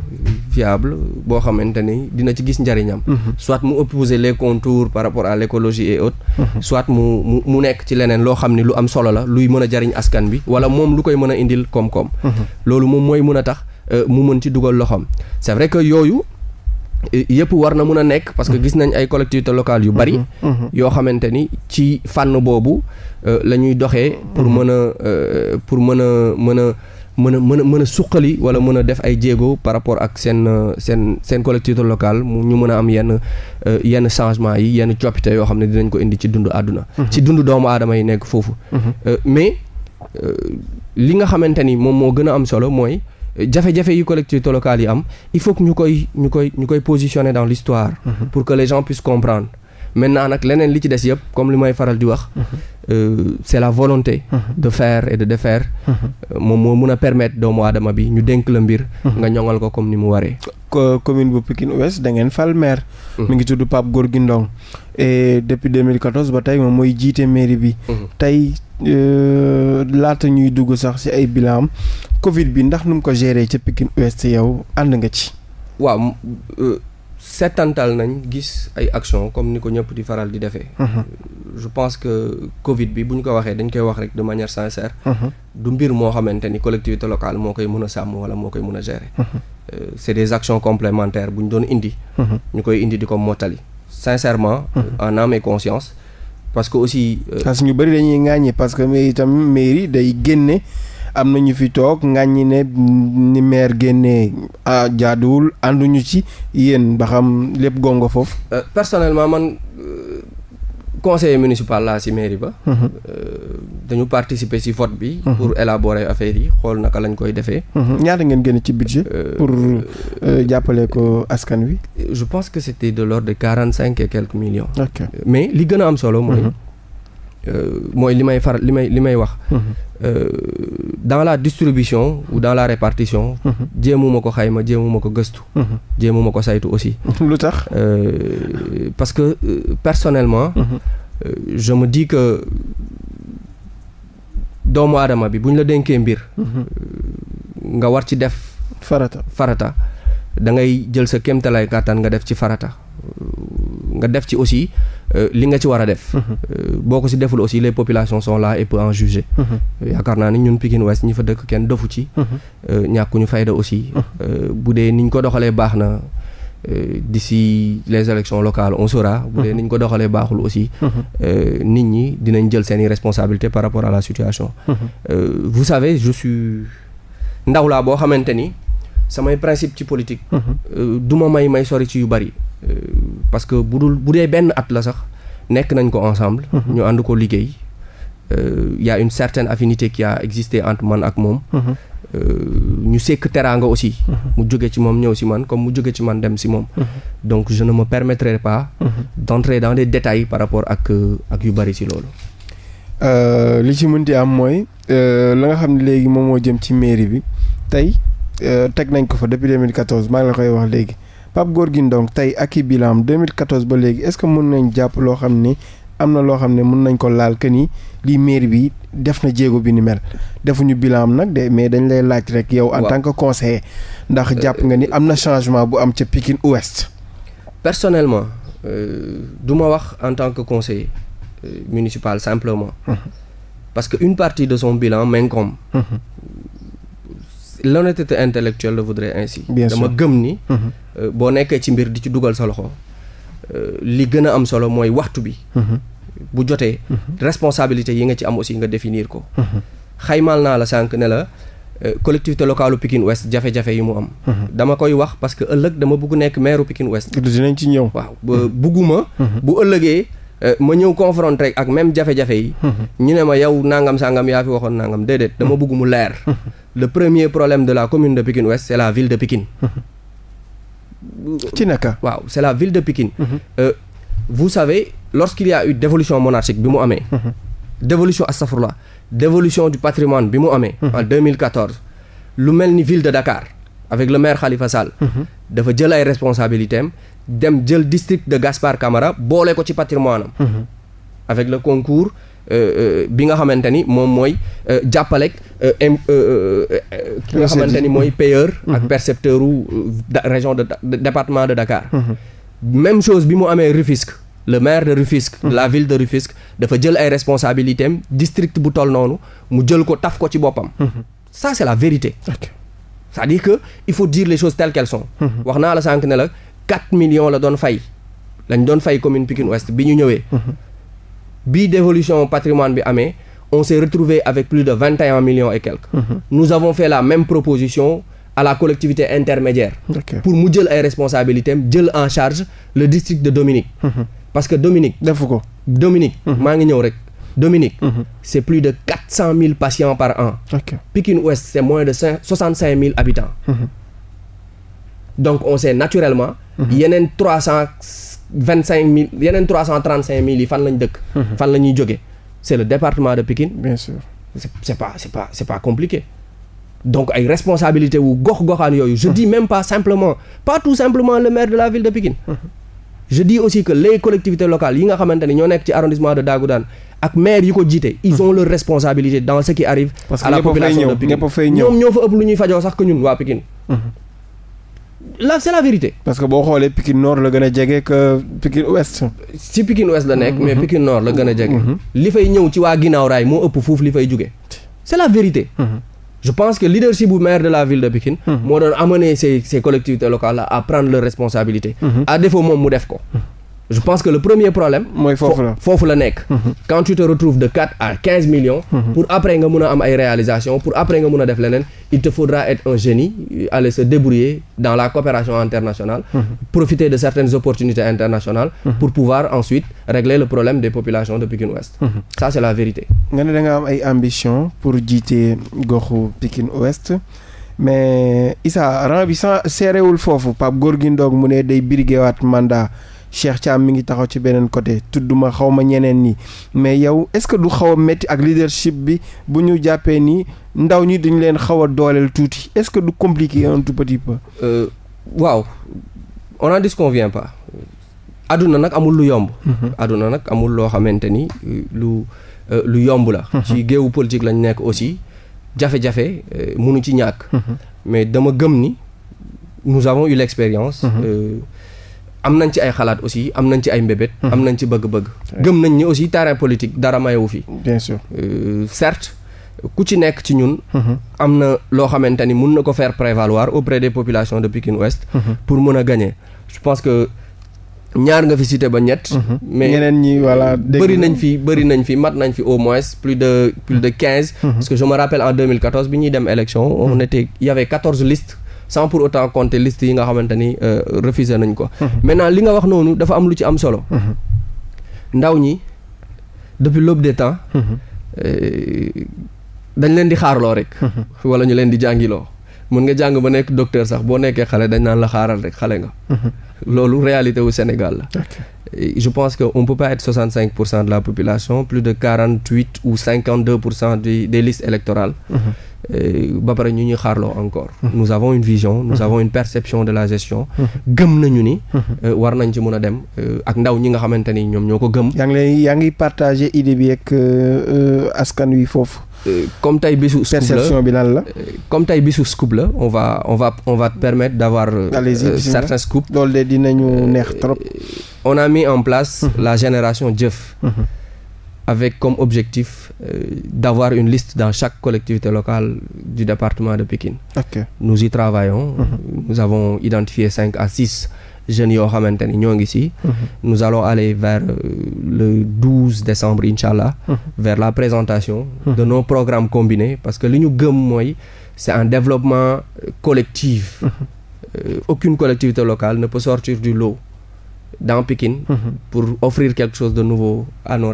fiable boo xamante ni dina ci gis njariñam mhm. soit mu opposer les contours par rapport à l'écologie et autres mhm. soit mu mu nekk ci leneen loo xam ni lu am solo la luy mën a jariñ askan bi wala moom lu koy mën a indil koom-koom mhm. loolu moom mooy mën a tax euh, mu mën ci dugal loxoom c'est vrai que yooyu yëpp war na mun a nekk parce que gis nañ ay collectivités locale yu bari mhm. yoo xamante ni ci fànn boobu euh, la ñuy doxee pour mhm. mën a euh, pour mën a mën a mën a mën a mën a suqali wala mën a def ay jéego par rapport ak seen euh, seen seen collectivité locale mu ñu mën a am yenn yenn changement yi yenn coppite yoo xam ne dinañ ko indi ci dund àdduna mhm. ci dund doomu aadama yi nekk foofu mais li nga xamante ni moom moo gën a am solo mooy jafe-jafe yi collectivités locales yi am il faut ñu koy ñu koy ñu koy positionner dans l'histoire mhm. pour que les gens puissent comprendre maintenant nag leneen li ci des yëpp comme li may faral di wax mhm. euh, c'est la volonté mhm. de faire et de défaire euh, moom moo mun a permettre doomu aadama bi ñu dénk la mbir nga ñoŋal ko comme ni mu waree commune bu Pikine Ouest da ngeen fal maire mi ngi tudd Pape Gorgui et depuis 2014 ba tey moom mooy jiite mairie bi. Mhm. tey euh, laata ñuy dugg sax ci ay bilan Covid bi ndax nu mu ko géré ca Pikine Ouest yow ànd nga ci. waaw euh, seetantal nañ gis ay action comme ni ko ñëpp di faral di defee. Mhm. je pense que Covid bi bu ñu ko waxee dañ koy wax rek de manière sincère. Mhm. du mbir moo xamante ni collectivité locale moo koy mën a sàmm wala moo koy mën a gérer. Euh, c'est des actions complémentaires bu ñu doon indi. ñu koy indi di ko mottali. sincèrement. Mhm. en âme et conscience. parce que aussi. Euh, parce que ñu bëri dañuy ŋàññi parce que itam mairie day génne am na ñu fi toog ŋàññi ne ni maire génnee ah jaaduwul ànduñu ci yéen ba xam lépp gongo foofu. Euh, personnellement man. Euh, conseiller municipal laa si mairie ba. Mhm. Euh, dañu participer si vote bi. Mhm. pour élaborer affaire yi xool naka lañ koy defee. Mhm. ñaata ngeen génn ci budget. Euh, pour euh, jàppale ko askan wi. je pense que c'était de l'ordre de quarante cinq et quelques millions. ok mais li gën a am solo mooy. Euh, mooy li may faral li may li may wax. Mhm. Euh, dans la distribution ou dans la répartition. Mhm. jéemuma ko xayma jéemuma ko gëstu. Mhm. jéemuma ko saytu aussi. *laughs* lu tax. Euh, parce que personnellement. je me dis que doomu aadama bi buñ la dénkee mbir. nga war ci def. farata farata. da ngay jël sa kéemtalaay kàttan nga def ci farata nga def ci aussi euh, li nga ci war def mhm. euh, boo ko si deful aussi les populations sont là et peut en juger mhm. yaakaar naa ni ñun Pikine Ouest ñi fa dëkk kenn dofu ci mhm. euh, ñàkkuñu fayda aussi bu dee niñ ko doxalee baax na d'ici les élections locales on saura bu dee ni ñu ko doxalee baaxul aussi nit ñi dinañ jël seeni responsabilité par rapport a la situation vous savez je ndaw laa boo xamante ni samay principe ci politique. Mhm. Euh, du ma may may sori ci yu bari. Euh, parce que bu dul bu dee benn at la sax nekk nañ ko ensemble. Mhm. ñu ànd ko liggéey. Euh, y a une certaine affinité ki a existé entre man ak moom. Mhm. ñu sekk teraanga aussi. mu jóge ci moom ñëw si man comme mu jóge ci man dem si moom. donc je ne me permettrai pas. d'entrer dans les détails par rapport ak ak yu bari si loolu. li ci mënti am mooy la nga xam ne léegi moom moo jëm ci mairie bi tey. Euh, teg nañ ko fa depuis 2014 maa ngi la koy wax léegi Pape Gorgui Ndong tey ak i bilan 2014 ba léegi est-ce que mën nañ jàpp loo xam ni am na loo xam ne mën nañ ko laal que ni lii maire bi def na jéego bi ni mel defuñu bilan am nag de mais dañ lay laaj rek yow en tant que conseiller ndax jàpp nga ni am na changement bu am ca Pikine Ouest personnellement euh, du ma wax en tant que conseiller euh, municipal simplement parce que une partie de son bilan m'incombe l'honnêteté intellectuelle le voudrait ainsi. dama gëm ni. Mhm. Euh, boo nekkee ci mbir di ci dugal sa loxo euh, li gën a am solo mooy waxtu bi. Mhm. bu jotee. Mhm. responsabilité yi nga ci am aussi nga définir ko. xaymaal naa la sànq ne la euh, collectivité locale Pikine Ouest jafe-jafe yi mu am. dama koy wax parce que ëllëg dama bugg nekk maire Pikine Ouest. dinañ ci ñëw waaw bugguma bu ëllëgee. Euh, ma ñëw confronter rek ak même jafe-jafe yi. Mhm. ñu ne ma yow nangam sangam yaa fi waxoon nangam déedéet dama mhm. bëgg mu leer. Mhm. le premier problème de la commune de Pikine Ouest c'est la ville de Pikine. ci naka. waaw c'est la ville de Pikine. Euh, vous savez lorsqu'il y a eu monarchique bi mu amee. dévolution astafurlah dévolution du patrimoine bi mu amee. en lu mel ni ville de Dakar avec le maire Khalifa Sall. dafa jël ay dem jël district de Gaspard Camara boole ko ci patrimoine am mm -hmm. avec le concours euh, euh, bi nga xamante ni moom mooy euh, jàppaleeg ki nga xamante ni mooy payeur mhm. ak percepteur u région de département de Dakar mhm. même chose bi mu amee Rufisque le maire de Rufisque de mhm. la ville de Rufisque dafa jël ay responsabilités am district bu toll noonu mu jël ko taf ko ci boppam ça c'est la vérité cest dire que il faut dire les choses telles qu'elles wax naa la sànq ne la 4 millions la doon fay lañ doon fay commune Pikine Ouest bi ñu ñëwee mhm. bi dévolution patrimoine bi amee on s'est retrouvé avec plus de millions et quelques mhm. nous avons fait la même proposition à la collectivité intermédiaire pour mu jël ay responsabilités jël en charge le district de Dominique mhm. parce que Dominique defu ko Dominique maa ngi ñëw rek Dominique c'est plus de 400 000 patients par an okay. Pikine Ouest c'est moins de habitants donc on s'est naturellement Mhm. yeneen trois cent vingt cinq mille yeneen trois cent trente cinq mille yi fan lañ dëkk. Mhm. fan la ñuy jóge c'est le département de Pikine. bien sûr c'est, c'est pas c'est pas c'est pas compliqué. donc ay responsabilité wu gox-goxaan yooyu. je mhm. dis même pas simplement pas tout simplement le maire de la ville de Pikine. je dis aussi que les collectivités locales yi nga xamante ne ñoo nekk ci arrondissement de Dagoudane ak maire yi ko jiite. ils ont leur responsabilité dans ce qui arrive. à la population de Pikine parce ñoo fa ëpp lu là c'est la vérité. parce que boo xoolee Pikine noor la gën a jege que Pikine Ouest. si Pikine Ouest la nekk mm-hmm. mais Pikine noor la gën a jege. Mm-hmm. li fay ñëw ci waa ginnaaw raay moo ëpp foofu li fay jóge c'est la vérité. Mm-hmm. je pense que leadership bu maire de la ville de Pikine. moo doon amener ces ces collectivités locales à prendre leurs responsabilités. à défaut moom mu def ko. je pense que le premier problème. mooy foofu la foofu la nekk. Mhm. quand tu te retrouves de quatre à quinze millions. Mhm. pour après nga mun a am ay réalisations pour après nga mun a def leneen il te faudra être un génie aller se débrouiller dans la coopération internationale. Mhm. profiter de certaines opportunités internationales. pour pouvoir ensuite régler le problème des populations de Pikine Ouest. ça c'est la vérité. nga ne da am ay ambition pour jiite goxu Pikine Ouest. mais Issa rang bi sans seerewul foofu Pape Gorgui Ndong mu ne day waat mandat. Cheikh Thiam mi ngi taxaw ci beneen côté tudduma xaw ma ñeneen ñi mais yow est-ce que du xaw a métti ak leadership bi bu ñu jàppee ni ndaw ñi dañu leen xaw a dooleel tuuti est-ce que du compliqué un tout petit peu. Euh, waaw on n'en disconvient pas. aduna nag amul lu yomb. Mhm. aduna nag amul loo xamante ni euh, lu euh, lu yomb la. Mhm. ci géewu politique lañ nekk aussi jafe-jafe euh, mënu ci ñàkk. Mhm. mais dama gëm ni nous avons eu l'expérience. am nañ ci ay xalaat aussi am nañ ci ay mbébét. Hmm. am nañ ci bëgg-bëgg. gëm nañ ni aussi terrain politique dara mayewu fi. bien euh, certes. ku ci nekk ci ñun. am na loo xamante ni mun na ko faire prévaloir auprès des populations de Pikine Ouest. pour mën a gagner je pense que ñaar nga fi cité ba ñett. mais ñeneen ñi voilà bëri nañ fi bëri nañ fi mat nañ fi au moins plus de plus de quinze. parce que je me rappelle en bi ñuy dem élection. on était il quatorze listes. sans pour autant compter list yi nga xamante ni euh, refusé nañ ko. maintenant li nga wax noonu dafa am lu ci am solo. ndaw ñi depuis l'aube des temps. Euh, dañ leen di xaarloo rek. wala ñu leen di jàngiloo. mun nga jàng ba nekk docteur sax boo nekkee xale dañ naan la xaaral rek xale nga. loolu réalité wu Sénégal la. je pense que on peut pas être 65 pour cent de la population plus de 48 ou 52 pour cent des listes électorales. Mm Euh, ba pare ñu ñuy xaarloo encore. Mmh. nous avons une vision. nous mmh. avons une perception de la gestion. Mmh. gëm nañu ni. Euh, war nañ ci mun a dem euh, ak ndaw ñi nga xamante ni ñoom ñoo ko gëm. yaa ngi lay yaa ngi partagé idée bi ak askan wi foofu. comme tey bisu scoop la perception bi la. comme tey bisu scoop la on va on va on va te permettre d'avoir. certains scoops. loolu de dinañu neex trop. on a mis en place. la génération jëf. avec comme objectif euh, d'avoir une liste dans chaque collectivité locale du département de Pékin. Okay. Nous y travaillons. Mm -hmm. Nous avons identifié à 6 jeunes yoo xamante ni ñoo ngi si. Mhm. Nous allons aller vers euh, le décembre incha allah. Mm vers la présentation. Mm -hmm. de nos programmes combinés parce que li ñu gëm mooy c'est un développement euh, collectif. Mhm. Euh, aucune collectivité locale ne peut sortir du lot. dans Pikine. Mm -hmm. pour offrir quelque chose de nouveau à nos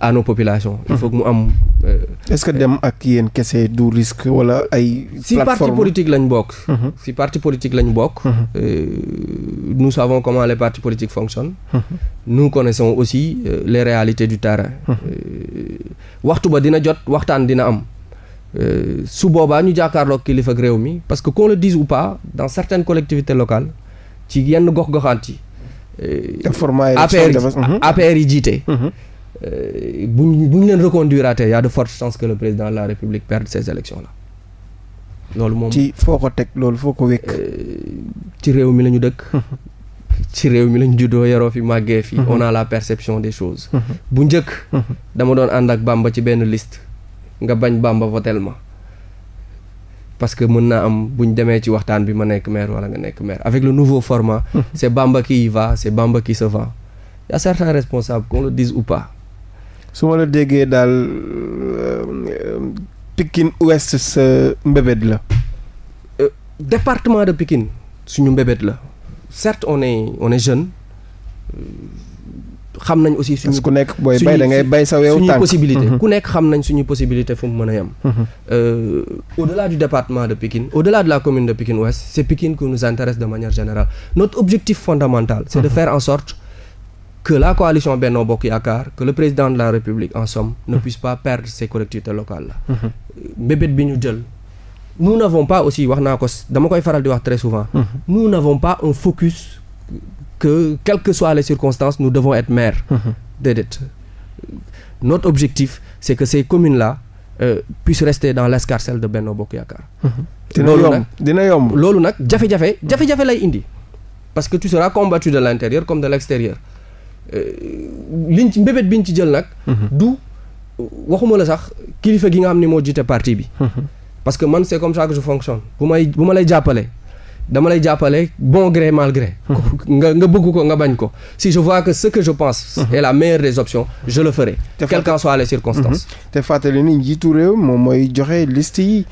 à nos populations. il faut mhm. que mu am. Euh, est-ce que dem ak yéen kese du risque wala ay. si parti politique lañ bokk. Mhm. si parti politique lañ bokk. Mhm. Euh, nous savons comment les partis politiques fonctionnent. nous connaissons aussi euh, les réalités du terrain. Euh, waxtu ba dina jot waxtaan dina am. su boobaa ñu jàkkaarloog kilifa réew mi parce que qu'on le dise ou pas dans certaines collectivités locales ci yenn gox-goxaant Euh, mm-hmm. APR yi jiite bu euh, ñu bu ñu leen reconduiraatee y a de fortes chances que le président de la République perde ces élections là loolu moom ci foo ko teg loolu foo ko wékk euh, ci réew mi lañu dëkk *laughs* ci réew mi lañ juddoo yaroo fi màggee fi mm-hmm. on a la perception des choses mm-hmm. bu njëkk dama doon ànd ak Bamba ci benn liste nga bañ Bamba votel ma parce que mun naa am bu ñu demee ci waxtaan bi ma nekk maire wala nga nekk maire avec le nouveau format. Hmm. c' est Bamba qui y va c' est Bamba qui se a certains responsables qu'on le dise ou pas. su ma la déggee daal euh, Pikine Ouest sa mbébét la. Euh, département de Pikine suñu mbébét la. certes on est on est jeune. Euh, xam nañ aussi suñu. ku nekk booy bay da ngay bay sa weew tànk suñuy possibilité mhm. ku nekk xam nañ suñu possibilité fu mu mën a yem. Mhm. Euh, au delà du département de Pikine au delà de la commune de Pikine Ouest c' est Pikine nous intéresse de manière générale notre objectif fondamental. c' de mhm. faire en sorte. que la coalition Benno Bokk Yaakaar que le président de la République en somme ne puisse pas perdre ces collectivités locales la mbébét euh, bi ñu jël que quelles que soient les circonstances nous devons être maires mm-hmm. déedéet notre objectif c'est que ces communes là euh, rester dans l'escarcelle de Benno Bokk Yaakaar mm-hmm. loolu nag dina yomb loolu nag jafe-jafe jafe-jafe lay indi parce que tu seras combattu de l'intérieur comme de l'extérieur euh, liñ ci mbébét biñ ci jël nag mm-hmm. du waxuma la sax kilifa gi nga xam ni moo jiite parti bi parce que man c'est comme ça que je fonctionne bu may bu ma lay jàppale dama lay jàppale bon gré mal gré. nga nga bëgg ko nga bañ ko si je vois que ce que je pense. est la meilleure des options je le ferai. quelles qu'en soient les circonstances. te fàttali ni njiitu réew moom mooy joxe liste yi.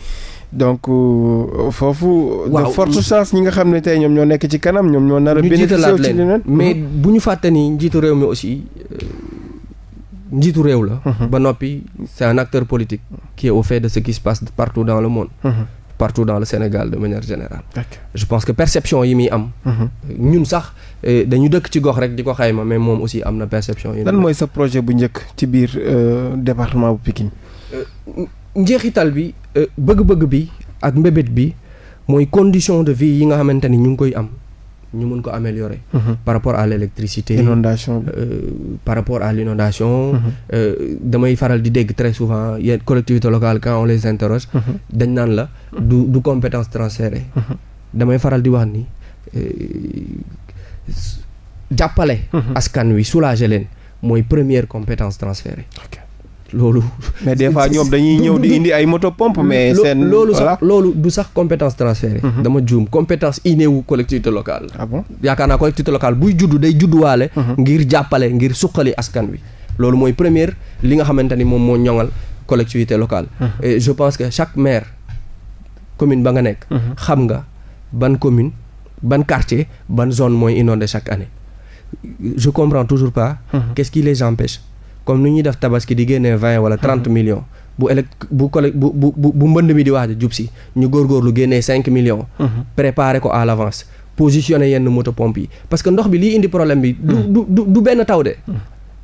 donc euh, foofu. waaw de forte chance ñi nga xam ne tey ñoom ñoo nekk ci kanam ñoom ñoo nar a. bénéficié ci leneen mais bu fàtte ni njiitu réew mi aussi euh, njiitu réew la. ba noppi c'est un acteur politique. qui est au fait de ce qui se passe partout dans le monde. partout dans le Sénégal de manière générale okay. je pense que perception yi muy am mhm. ñun sax eh, dañu dëkk ci gox rek di ko xayma mais moom aussi am na perception yi lan mooy sa projet bu njëkk ci biir euh, département bu Pikine euh, njeexital bi euh, bëgg-bëgg bi ak mbébét bi mooy condition de vie yi nga xamante ñu ngi koy am ñu mun ko améliorer. Mhm. par rapport à l' inondation euh, par rapport à l' inondation. Mhm. Euh, damay faral di dégg très souvent yenn collectivité locale quand on les interroge. Mhm. dañ naan la du du compétence transférée. damay faral di wax ni euh, jàppale. askan wi soulager leen mooy première compétence transférée. loolu. mais des fois ñoom dañuy *laughs* ñëw di indi ay moto pompe mais loolu sax loolu du sax compétence transférée. Mhm. dama juum compétence innée wu collectivité locale. Ah yaakaar naa collectivité locale buy juddu day judduwaale. Mhm. ngir jàppale ngir suqali askan wi. loolu mooy première li nga xamante ni moom moo ñoŋal collectivité locale. Mhm. et je pense que chaque maire commune ba nga nekk. xam nga ban commune ban quartier ban zone mooy inondé chaque année. je comprends toujours pas. les empêche. comme ni ñuy def tabaski di génnee vingt wala trente hmm. millions bu élec bu collect bu bu bu mbënd mi di waaj a jub si ñu góorgóorlu génnee cinq millions. Hmm. préparer ko à l'avance positionner yenn moto pompe yi parce que ndox bi liy indi problème bi. du hmm. du du benn taw de.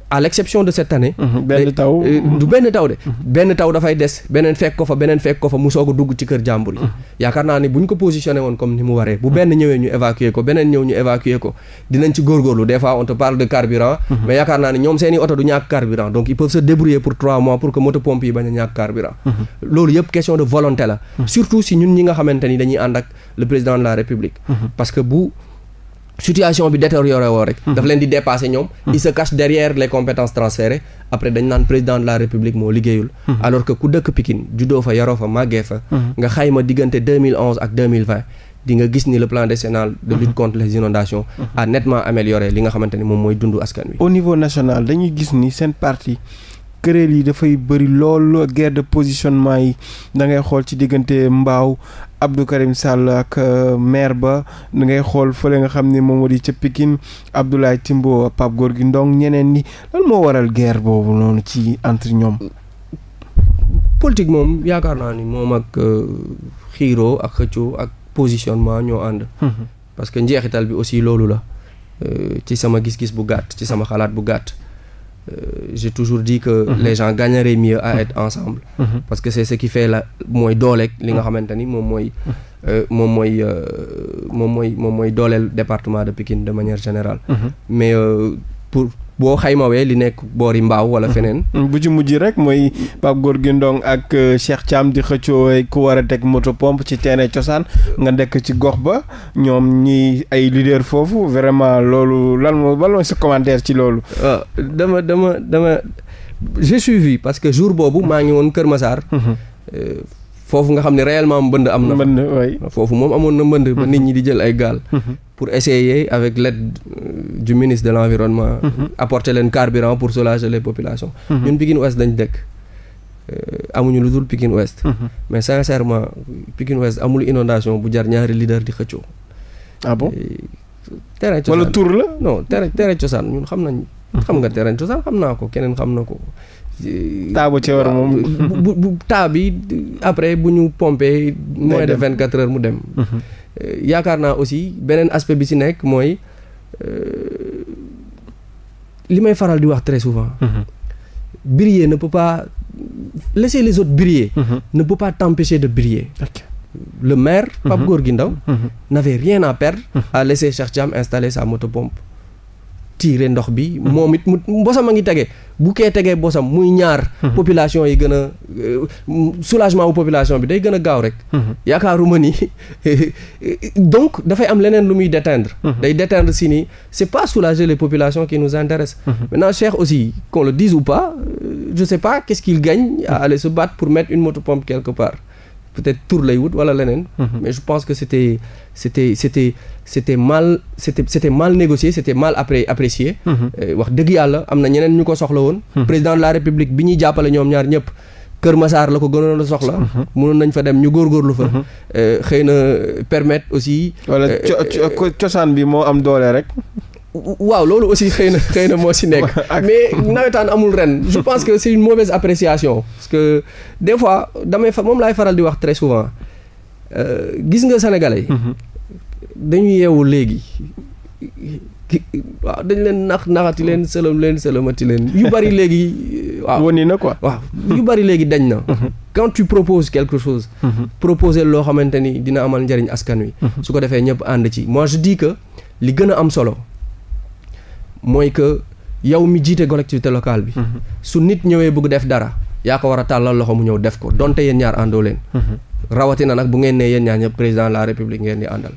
à l'exception de cette année. Mhm, benn taw euh, du mhm. benn taw de. Mhm. benn taw dafay des beneen fekk ko fa beneen fekk ko fa mu soog a dugg ci kër jàmbur yi. yaakaar naa ni bu ñu ko positionné woon comme ni mu waree. bu benn ñëwee ñu évacuer ko beneen ñëw ñu évacuer ko dinañ ci góorgóorlu des fois on te parle yaakaar naa ni ñoom seen i oto du ñàkk carburant donc ils peuvent se débrouiller pour trois mois pour que moto pompe yi bañ a ñàkk carburant. loolu yëpp question situation bi détérioré woo rek. daf mhm. leen di dépasser ñoom. Mhm. ils se cachent derrière les compétences transférées après dañ naan président de la république moo liggéeyul. Mhm. alors que ku dëkk Pikine juddoo fa yaroo fa màggee fa. nga xayma diggante ak di nga gis ni le plan décennal de lutte contre les inondations. a nettement amélioré li nga xamante moom mooy dundu askan wi. au niveau national dañuy gis ni seen parti. këréel yi dafay bëri lool guerre de positionnement yi Abdou Karim Sall ak euh, maire ba da ngay xool fële nga xam ni moom moo di ca Pikine Abdoulaye timboo Pape Gorgui Ndong ñeneen ñi lan moo waral guerre boobu noonu ci entre ñoom. politique moom yaakaar naa ni moom ak euh, xiiroo ak xëccoo ak positionnement ñoo ànd. Mhm. parce que njeexital bi aussi loolu la euh, ci sama gis-gis bu gàtt ci sama xalaat bu gàtt. Euh, j'ai toujours di que mhm. les gens gagneraient mieux à mhm. être ensemble mhm. parce que c'est ce qui fait la mooy dooleeg li nga xamante ni moom mooy euh, moom mooy euh, moom mooy moom mooy dooleel département de Pikine de manière générale mais pour boo xaymawee li nekk boori mbaaw wala feneen. *laughs* Mm, bu ci mujj rek mooy Pape Gorgui Ndong ak euh, Cheikh Thiam di xëccoo ku war a teg moto pompe ci teene cosaan nga nekk ci gox ba ñoom ñi ay leader foofu vraiment loolu lan moo bal mooy sa commentaire ci loolu. Ah, dama dama dama j'ai suivi parce que jour boobu maa ngi woon Kër Massar. Mm-hmm. Euh, foofu nga xam ne réellement mbënd am na fa foofu moom amoon na mbënd ba nit ñi di jël ay gaal pour essayer avec l'aide euh, du ministre de l'environnement mhm. apporter leen carburant pour soulager les populations mhm. ñun Pikine Ouest dañ dëkk euh, amuñu lu dul Pikine Ouest mhm. mais sincèrement Pikine Ouest amul inondation bu jar ñaari leader di xëccoo ah bon terrain cosaan wala tur la non terrain terrain cosaan ñun xam nañ *laughs* xam nga terrain cosaan xam naa ko keneen xam na ko taa bu ci war moom bu bu taa bi après bu ñu pompé moins de vingt quatre heures mu dem mhm. euh, yaakaar naa aussi beneen aspect bi ci nekk mooy euh, li may faral di wax très souvent mhm. briller ne peut pas laisser les autres briller mhm. ne pas t'empêcher de briller le maire Pape gi Ndao n'avait rien à perdre à laisser Cheikh installer sa motopompe tirer ndox bi moom it mu mbosam a ngi tege bu kee tegee bosam muy ñaar. Mhm. population yi gën a euh, soulagement wu population bi day gën a gaaw rek. Mhm. yaakaaruma ni *laughs* donc dafay am leneen lu muy déteindre. Mhm. day déteindre si ni c'est pas soulager les populations qui nous intéressent. maintenant Cheikh aussi qu'on le dise ou pas euh, je sais pas qu'est-ce qu'il gagne à pour mettre une motopompe quelque part. peut-être tour lay wut wala leneen. Mhm. mais je pense que c'était c'était c'était c'était mal c'était c'était mal négocié c'était mal après apprécié. Mhm. Euh, wax dëgg yàlla am na ñeneen ñu ko soxla woon. Mhm. président de la république bi ñuy jàppale ñoom ñaar ñëpp. Kër Massar la ko gënoon a soxla. mënoon nañ fa dem ñu góorgóorlu fa. Euh, xëy na permettre aussi. wala euh, cosaan bi moo am doole rek. waaw loolu aussi xëy na xëy na moo si nekk *laughs* mais nawetaan amul ren je pense que c'est une mauvaise appréciation parce que des fois damay fa moom laay faral di wax très souvent euh, gis nga sénégalais mhm. dañu yeewu léegi waaw dañ leen nax naxati leen sëlëm leen sëlëmati leen yu bari léegi waaw woni na quoi waaw yu bari léegi dañ na mhm. quand tu proposes quelque chose mhm. proposer loo xamante ni dina amal njariñ askan wi su ko defee ñëpp ànd ci moi je dis que li gën a am solo mooy que yow mi jiite collectivité locale bi. Mm-hmm. su nit ñëwee bëgg def dara. yaa ko war a tàllal loxo mu ñëw def ko donte yéen ñaar àndoo leen. Mm-hmm. rawatina nag bu ngeen ne yéen ñaar ñëpp président la république ngeen di àndal.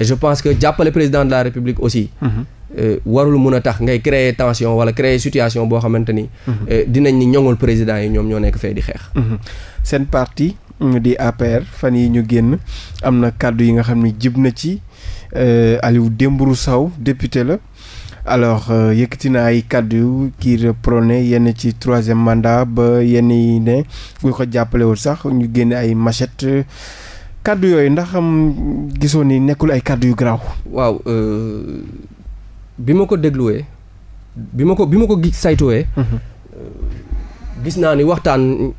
et je pense que jàppale président de la république aussi. Mm-hmm. Euh, warul mun a tax ngay créer tension wala créer situation boo xamante ni. Euh, dinañ ni ñoŋul président yi ñoom ñoo nekk fee di xeex. seen parti di APR fan yi ñu génn am na kàddu yi nga xam ne jib na ci euh, Aliou Dembourou Sow député la. alors euh, yëkkati na ay kàddu kii prôné yenn ci troisième mandat ba yenn yi ne ku ko jàppalewul sax ñu génne ay machette kàddu yooyu ndax gisoo ni nekkul ay kàddu yu garaaw. waaw euh, bi ma ko dégluwee bi ma ko bi ma ko saytuwee. Mhm. Euh, gis naa ni waxtaan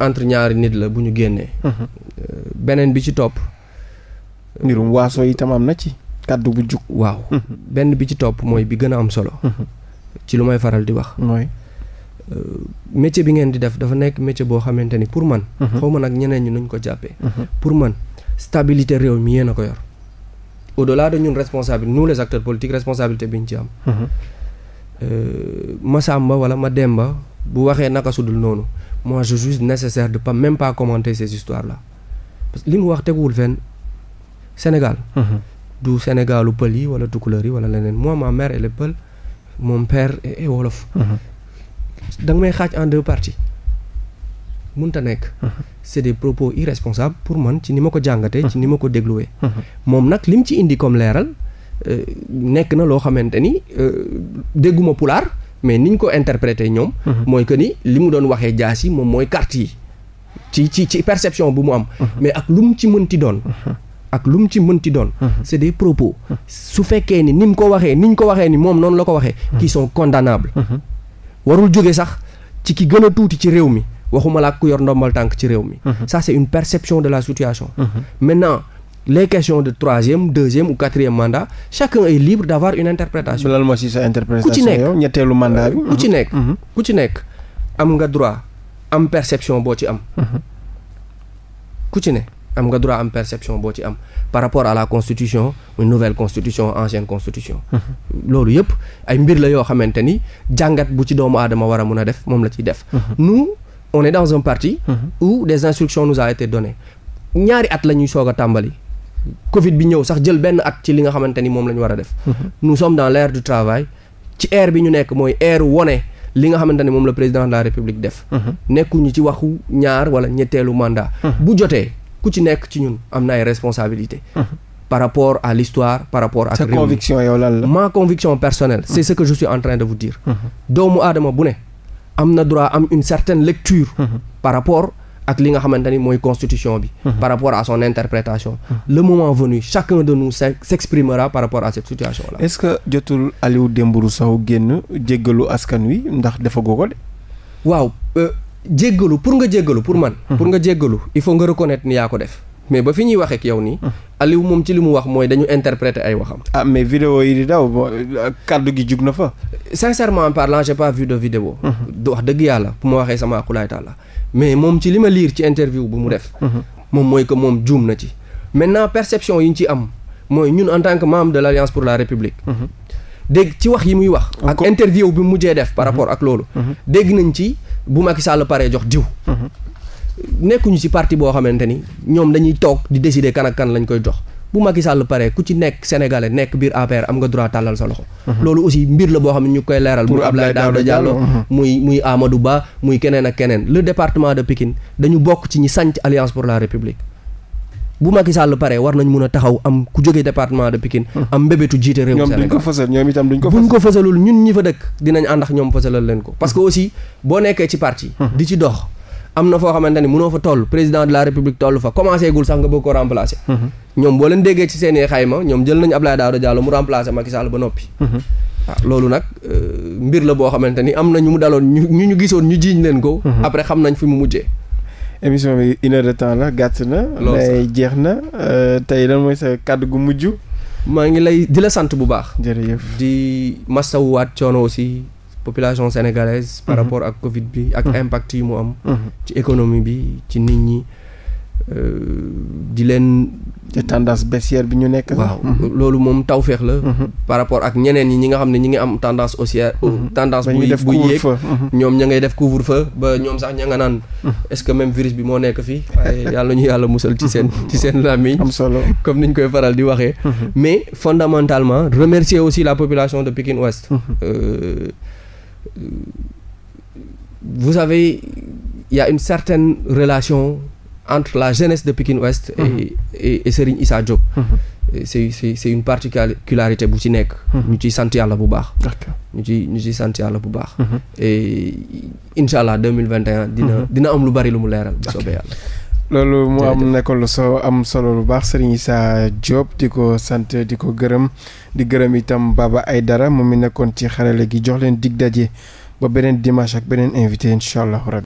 entre ñaari nit la bu ñu génnee. Mhm. beneen bi ci topp. mbirum waaso yi tam na ci. kàddu bu jug waaw mm-hmm. benn bi ci topp mooy bi gën a am solo mm-hmm. ci lu may faral di wax mooy euh, métier bi ngeen di def dafa nekk métier boo xamante ni pour man mm-hmm. xaw ma nag ñeneen ñi nuñ ko jàppee pour man stabilité réew mi yéen a ko yor au delà de ñun responsable nous les acteurs politiques responsabilité bi ñu ci am euh, Masamba wala Mademba bu waxee naka sudul noonu moi je juge nécessaire de pas même pas commenter ces histoires là que li mu wax teguwul fenn Sénégal du Sénégalu pël yi wala tukulóor yi wala leneen moi ma mère elle est pël mon père est wolof. Mhm. da nga may xaaj en deux mun mënta nekk. Mhm. c' est des propos irresponsables pour man ci ni ma ko jàngatee. Mhm. ci ni ma ko dégluwee. moom nag lim ci indi comme leeral euh, nekk na loo xamante ni euh, dégguma pulaar mais niñ ko interprété ñoom. mooy que ni li mu doon waxee jaas yi moom mooy carte yi. ci ci ci perception bu mu am. mais ak lu ci mënti doon. ak lu mu ci mën ci doon mhm. c'est des propos su fekkee ni ni mu ko waxee ni ñu ko waxee ni moom noonu la ko waxee mhm. qui sont condamnables mhm. warul jóge sax ci ki gën a tuuti ci réew mi waxuma laa ku yor ndombal tànk ci réew mi ça c'est une perception de la situation maintenant les questions de troisième deuxième ou quatrième mandat chacun est libre d'avoir une interprétation. lan moo ci sa interprétation ku ci nekk ñetteelu mandat bi. Euh, ku ci nekk ku ci nekk am nga droit am perception boo ci am. ku ci nekk am nga droit am perception boo ci am par rapport à la constitution une nouvelle constitution ancienne constitution mhm. loolu yëpp ay mbir la yoo xamante ni jàngat bu ci doomu aadama war a mun a def moom la ciy def mhm. nous on est dans un parti mhm. des instructions nous a ñaari at la ñuy soog a tàmbali covid bi ñëw sax jël benn at ci li nga xamante ni moom la ñu war a def nous sommes dans l'ère du travail ci ère bi ñu nekk mooy aire wone li nga xamante ne moom la président de la république def nekkuñu ci waxu ñaar wala ñetteelu mandat bu jotee ku ci nekk ci ñun am na ay responsabilité par rapport a l'histoire par rapport ak sa conviction yow lan la ma conviction personnelle c'est ce que je suis en train de vous dire doomu aadama bu ne am na droit am une certaine lecture par rapport ak li nga xamante mooy constitution bi par rapport a son interprétation le moment venu chacun de nous s'exprimera par rapport à cette situation là est-ce que jotul Aliou Dembourou Sow génn jéggalu askan wi de waaw euh, jéggalu pour nga jéggalu pour man. Hmm. pour nga jéggalu il faut nga reconnaître ni yaa ko def. mais ba fi ñuy waxeek yow nii. Hmm. Aliou moom ci li mu wax mooy dañu interpréter ay waxam. Ah, mais vidéo yi di daw hmm. ma waxee li ma liir ci interview mooy que moom juum na ci. maintenant perception yi ci am mooy ñun en tant que membre de l'Alliance pour la wax yi muy wax. ak interview bi mu mujjee def. par rapport ak loolu. dégg nañ ci. bu Macky Sall paree jox diw. nekkuñu ci parti boo xamante ni ñoom dañuy toog di décider kan ak kan lañ koy jox bu Macky Sall paree ku ci nekk sénégalais nekk biir APR am nga droit tàllal sa loxo. Mhm. loolu aussi mbir la boo xam ne ñu koy leeral. muy Abdoulaye Daouda Diallo mhm. muy muy aamadu Ba muy keneen ak keneen. le département de Pikine dañu bokk ci ñi sanc Alliance pour la République. bu Macky Sall war nañ mun a taxaw am ku jógee département de Pikine hmm. am mbébétu jiite réew ñoom duñ ko fësal ko fësalul ñun ñi fa dëkk dinañ ànd ñoom fësalal leen ko parce que hmm. aussi boo nekkee ci parti hmm. di ci dox am na foo xamante ni fa toll président de la république toll fa commencé gul sax nga bëgg ko remplacer ñoom boo leen déggee ci seen xayma ñoom jël nañu Abdoulaye Daouda Diallo mu remplacer Macky ba noppi ah, loolu nag euh, mbir la boo xamante émission bi une heure de temps la gàtt na. mais jeex na euh, tey lan mooy sa kàdd gu mujj. maa ngi lay di la sant bu baax. jërëjëf di waat coono aussi population sénégalaise. par mhm. rapport ak Covid bi. ak mhm. impact yi mu am. Mhm. ci économie bi ci nit ñi. Euh, di leen. te tendance baissière bi ñu nekk. waaw mhm. loolu moom tawféex la. Mhm. par rapport ak ñeneen yi ñi nga xam ne ñi ngi am tendance haussière. Mhm. Euh, tendance buy buy yéeg ñoom ña ngay def couvre feu ba ñoom sax ña nga naan. est-ce que même virus bi moo nekk fi waaye *laughs* yàlla ñu yàlla musal ci seen ci seen làmmiñ. am solo comme niñ koy faral di waxee. mais fondamentalement remercier aussi la population de Pikine Ouest. Euh, vous savez il y a une certaine relation. entre la jeunesse de Pikine Ouest. et mm -hmm. et, et Serigne Issa Diop. Mhm. c'est une particularité bu ci nekk. Mhm. ñu ciy sant yàlla bu baax. ñu ci ñu ciy sant yàlla bu baax. Mhm. et incha allah mille vingt dina dina am lu bari lu mu leeral. bu soobee yàlla. loolu mu am nekkoon lu soo am solo lu baax sëriñ Issa Diop di ko sant di ko gërëm di gërëm itam ay dara moom mi nekkoon ci xarale gi jox leen dig daje ba beneen dimanche ak beneen invité incha allah.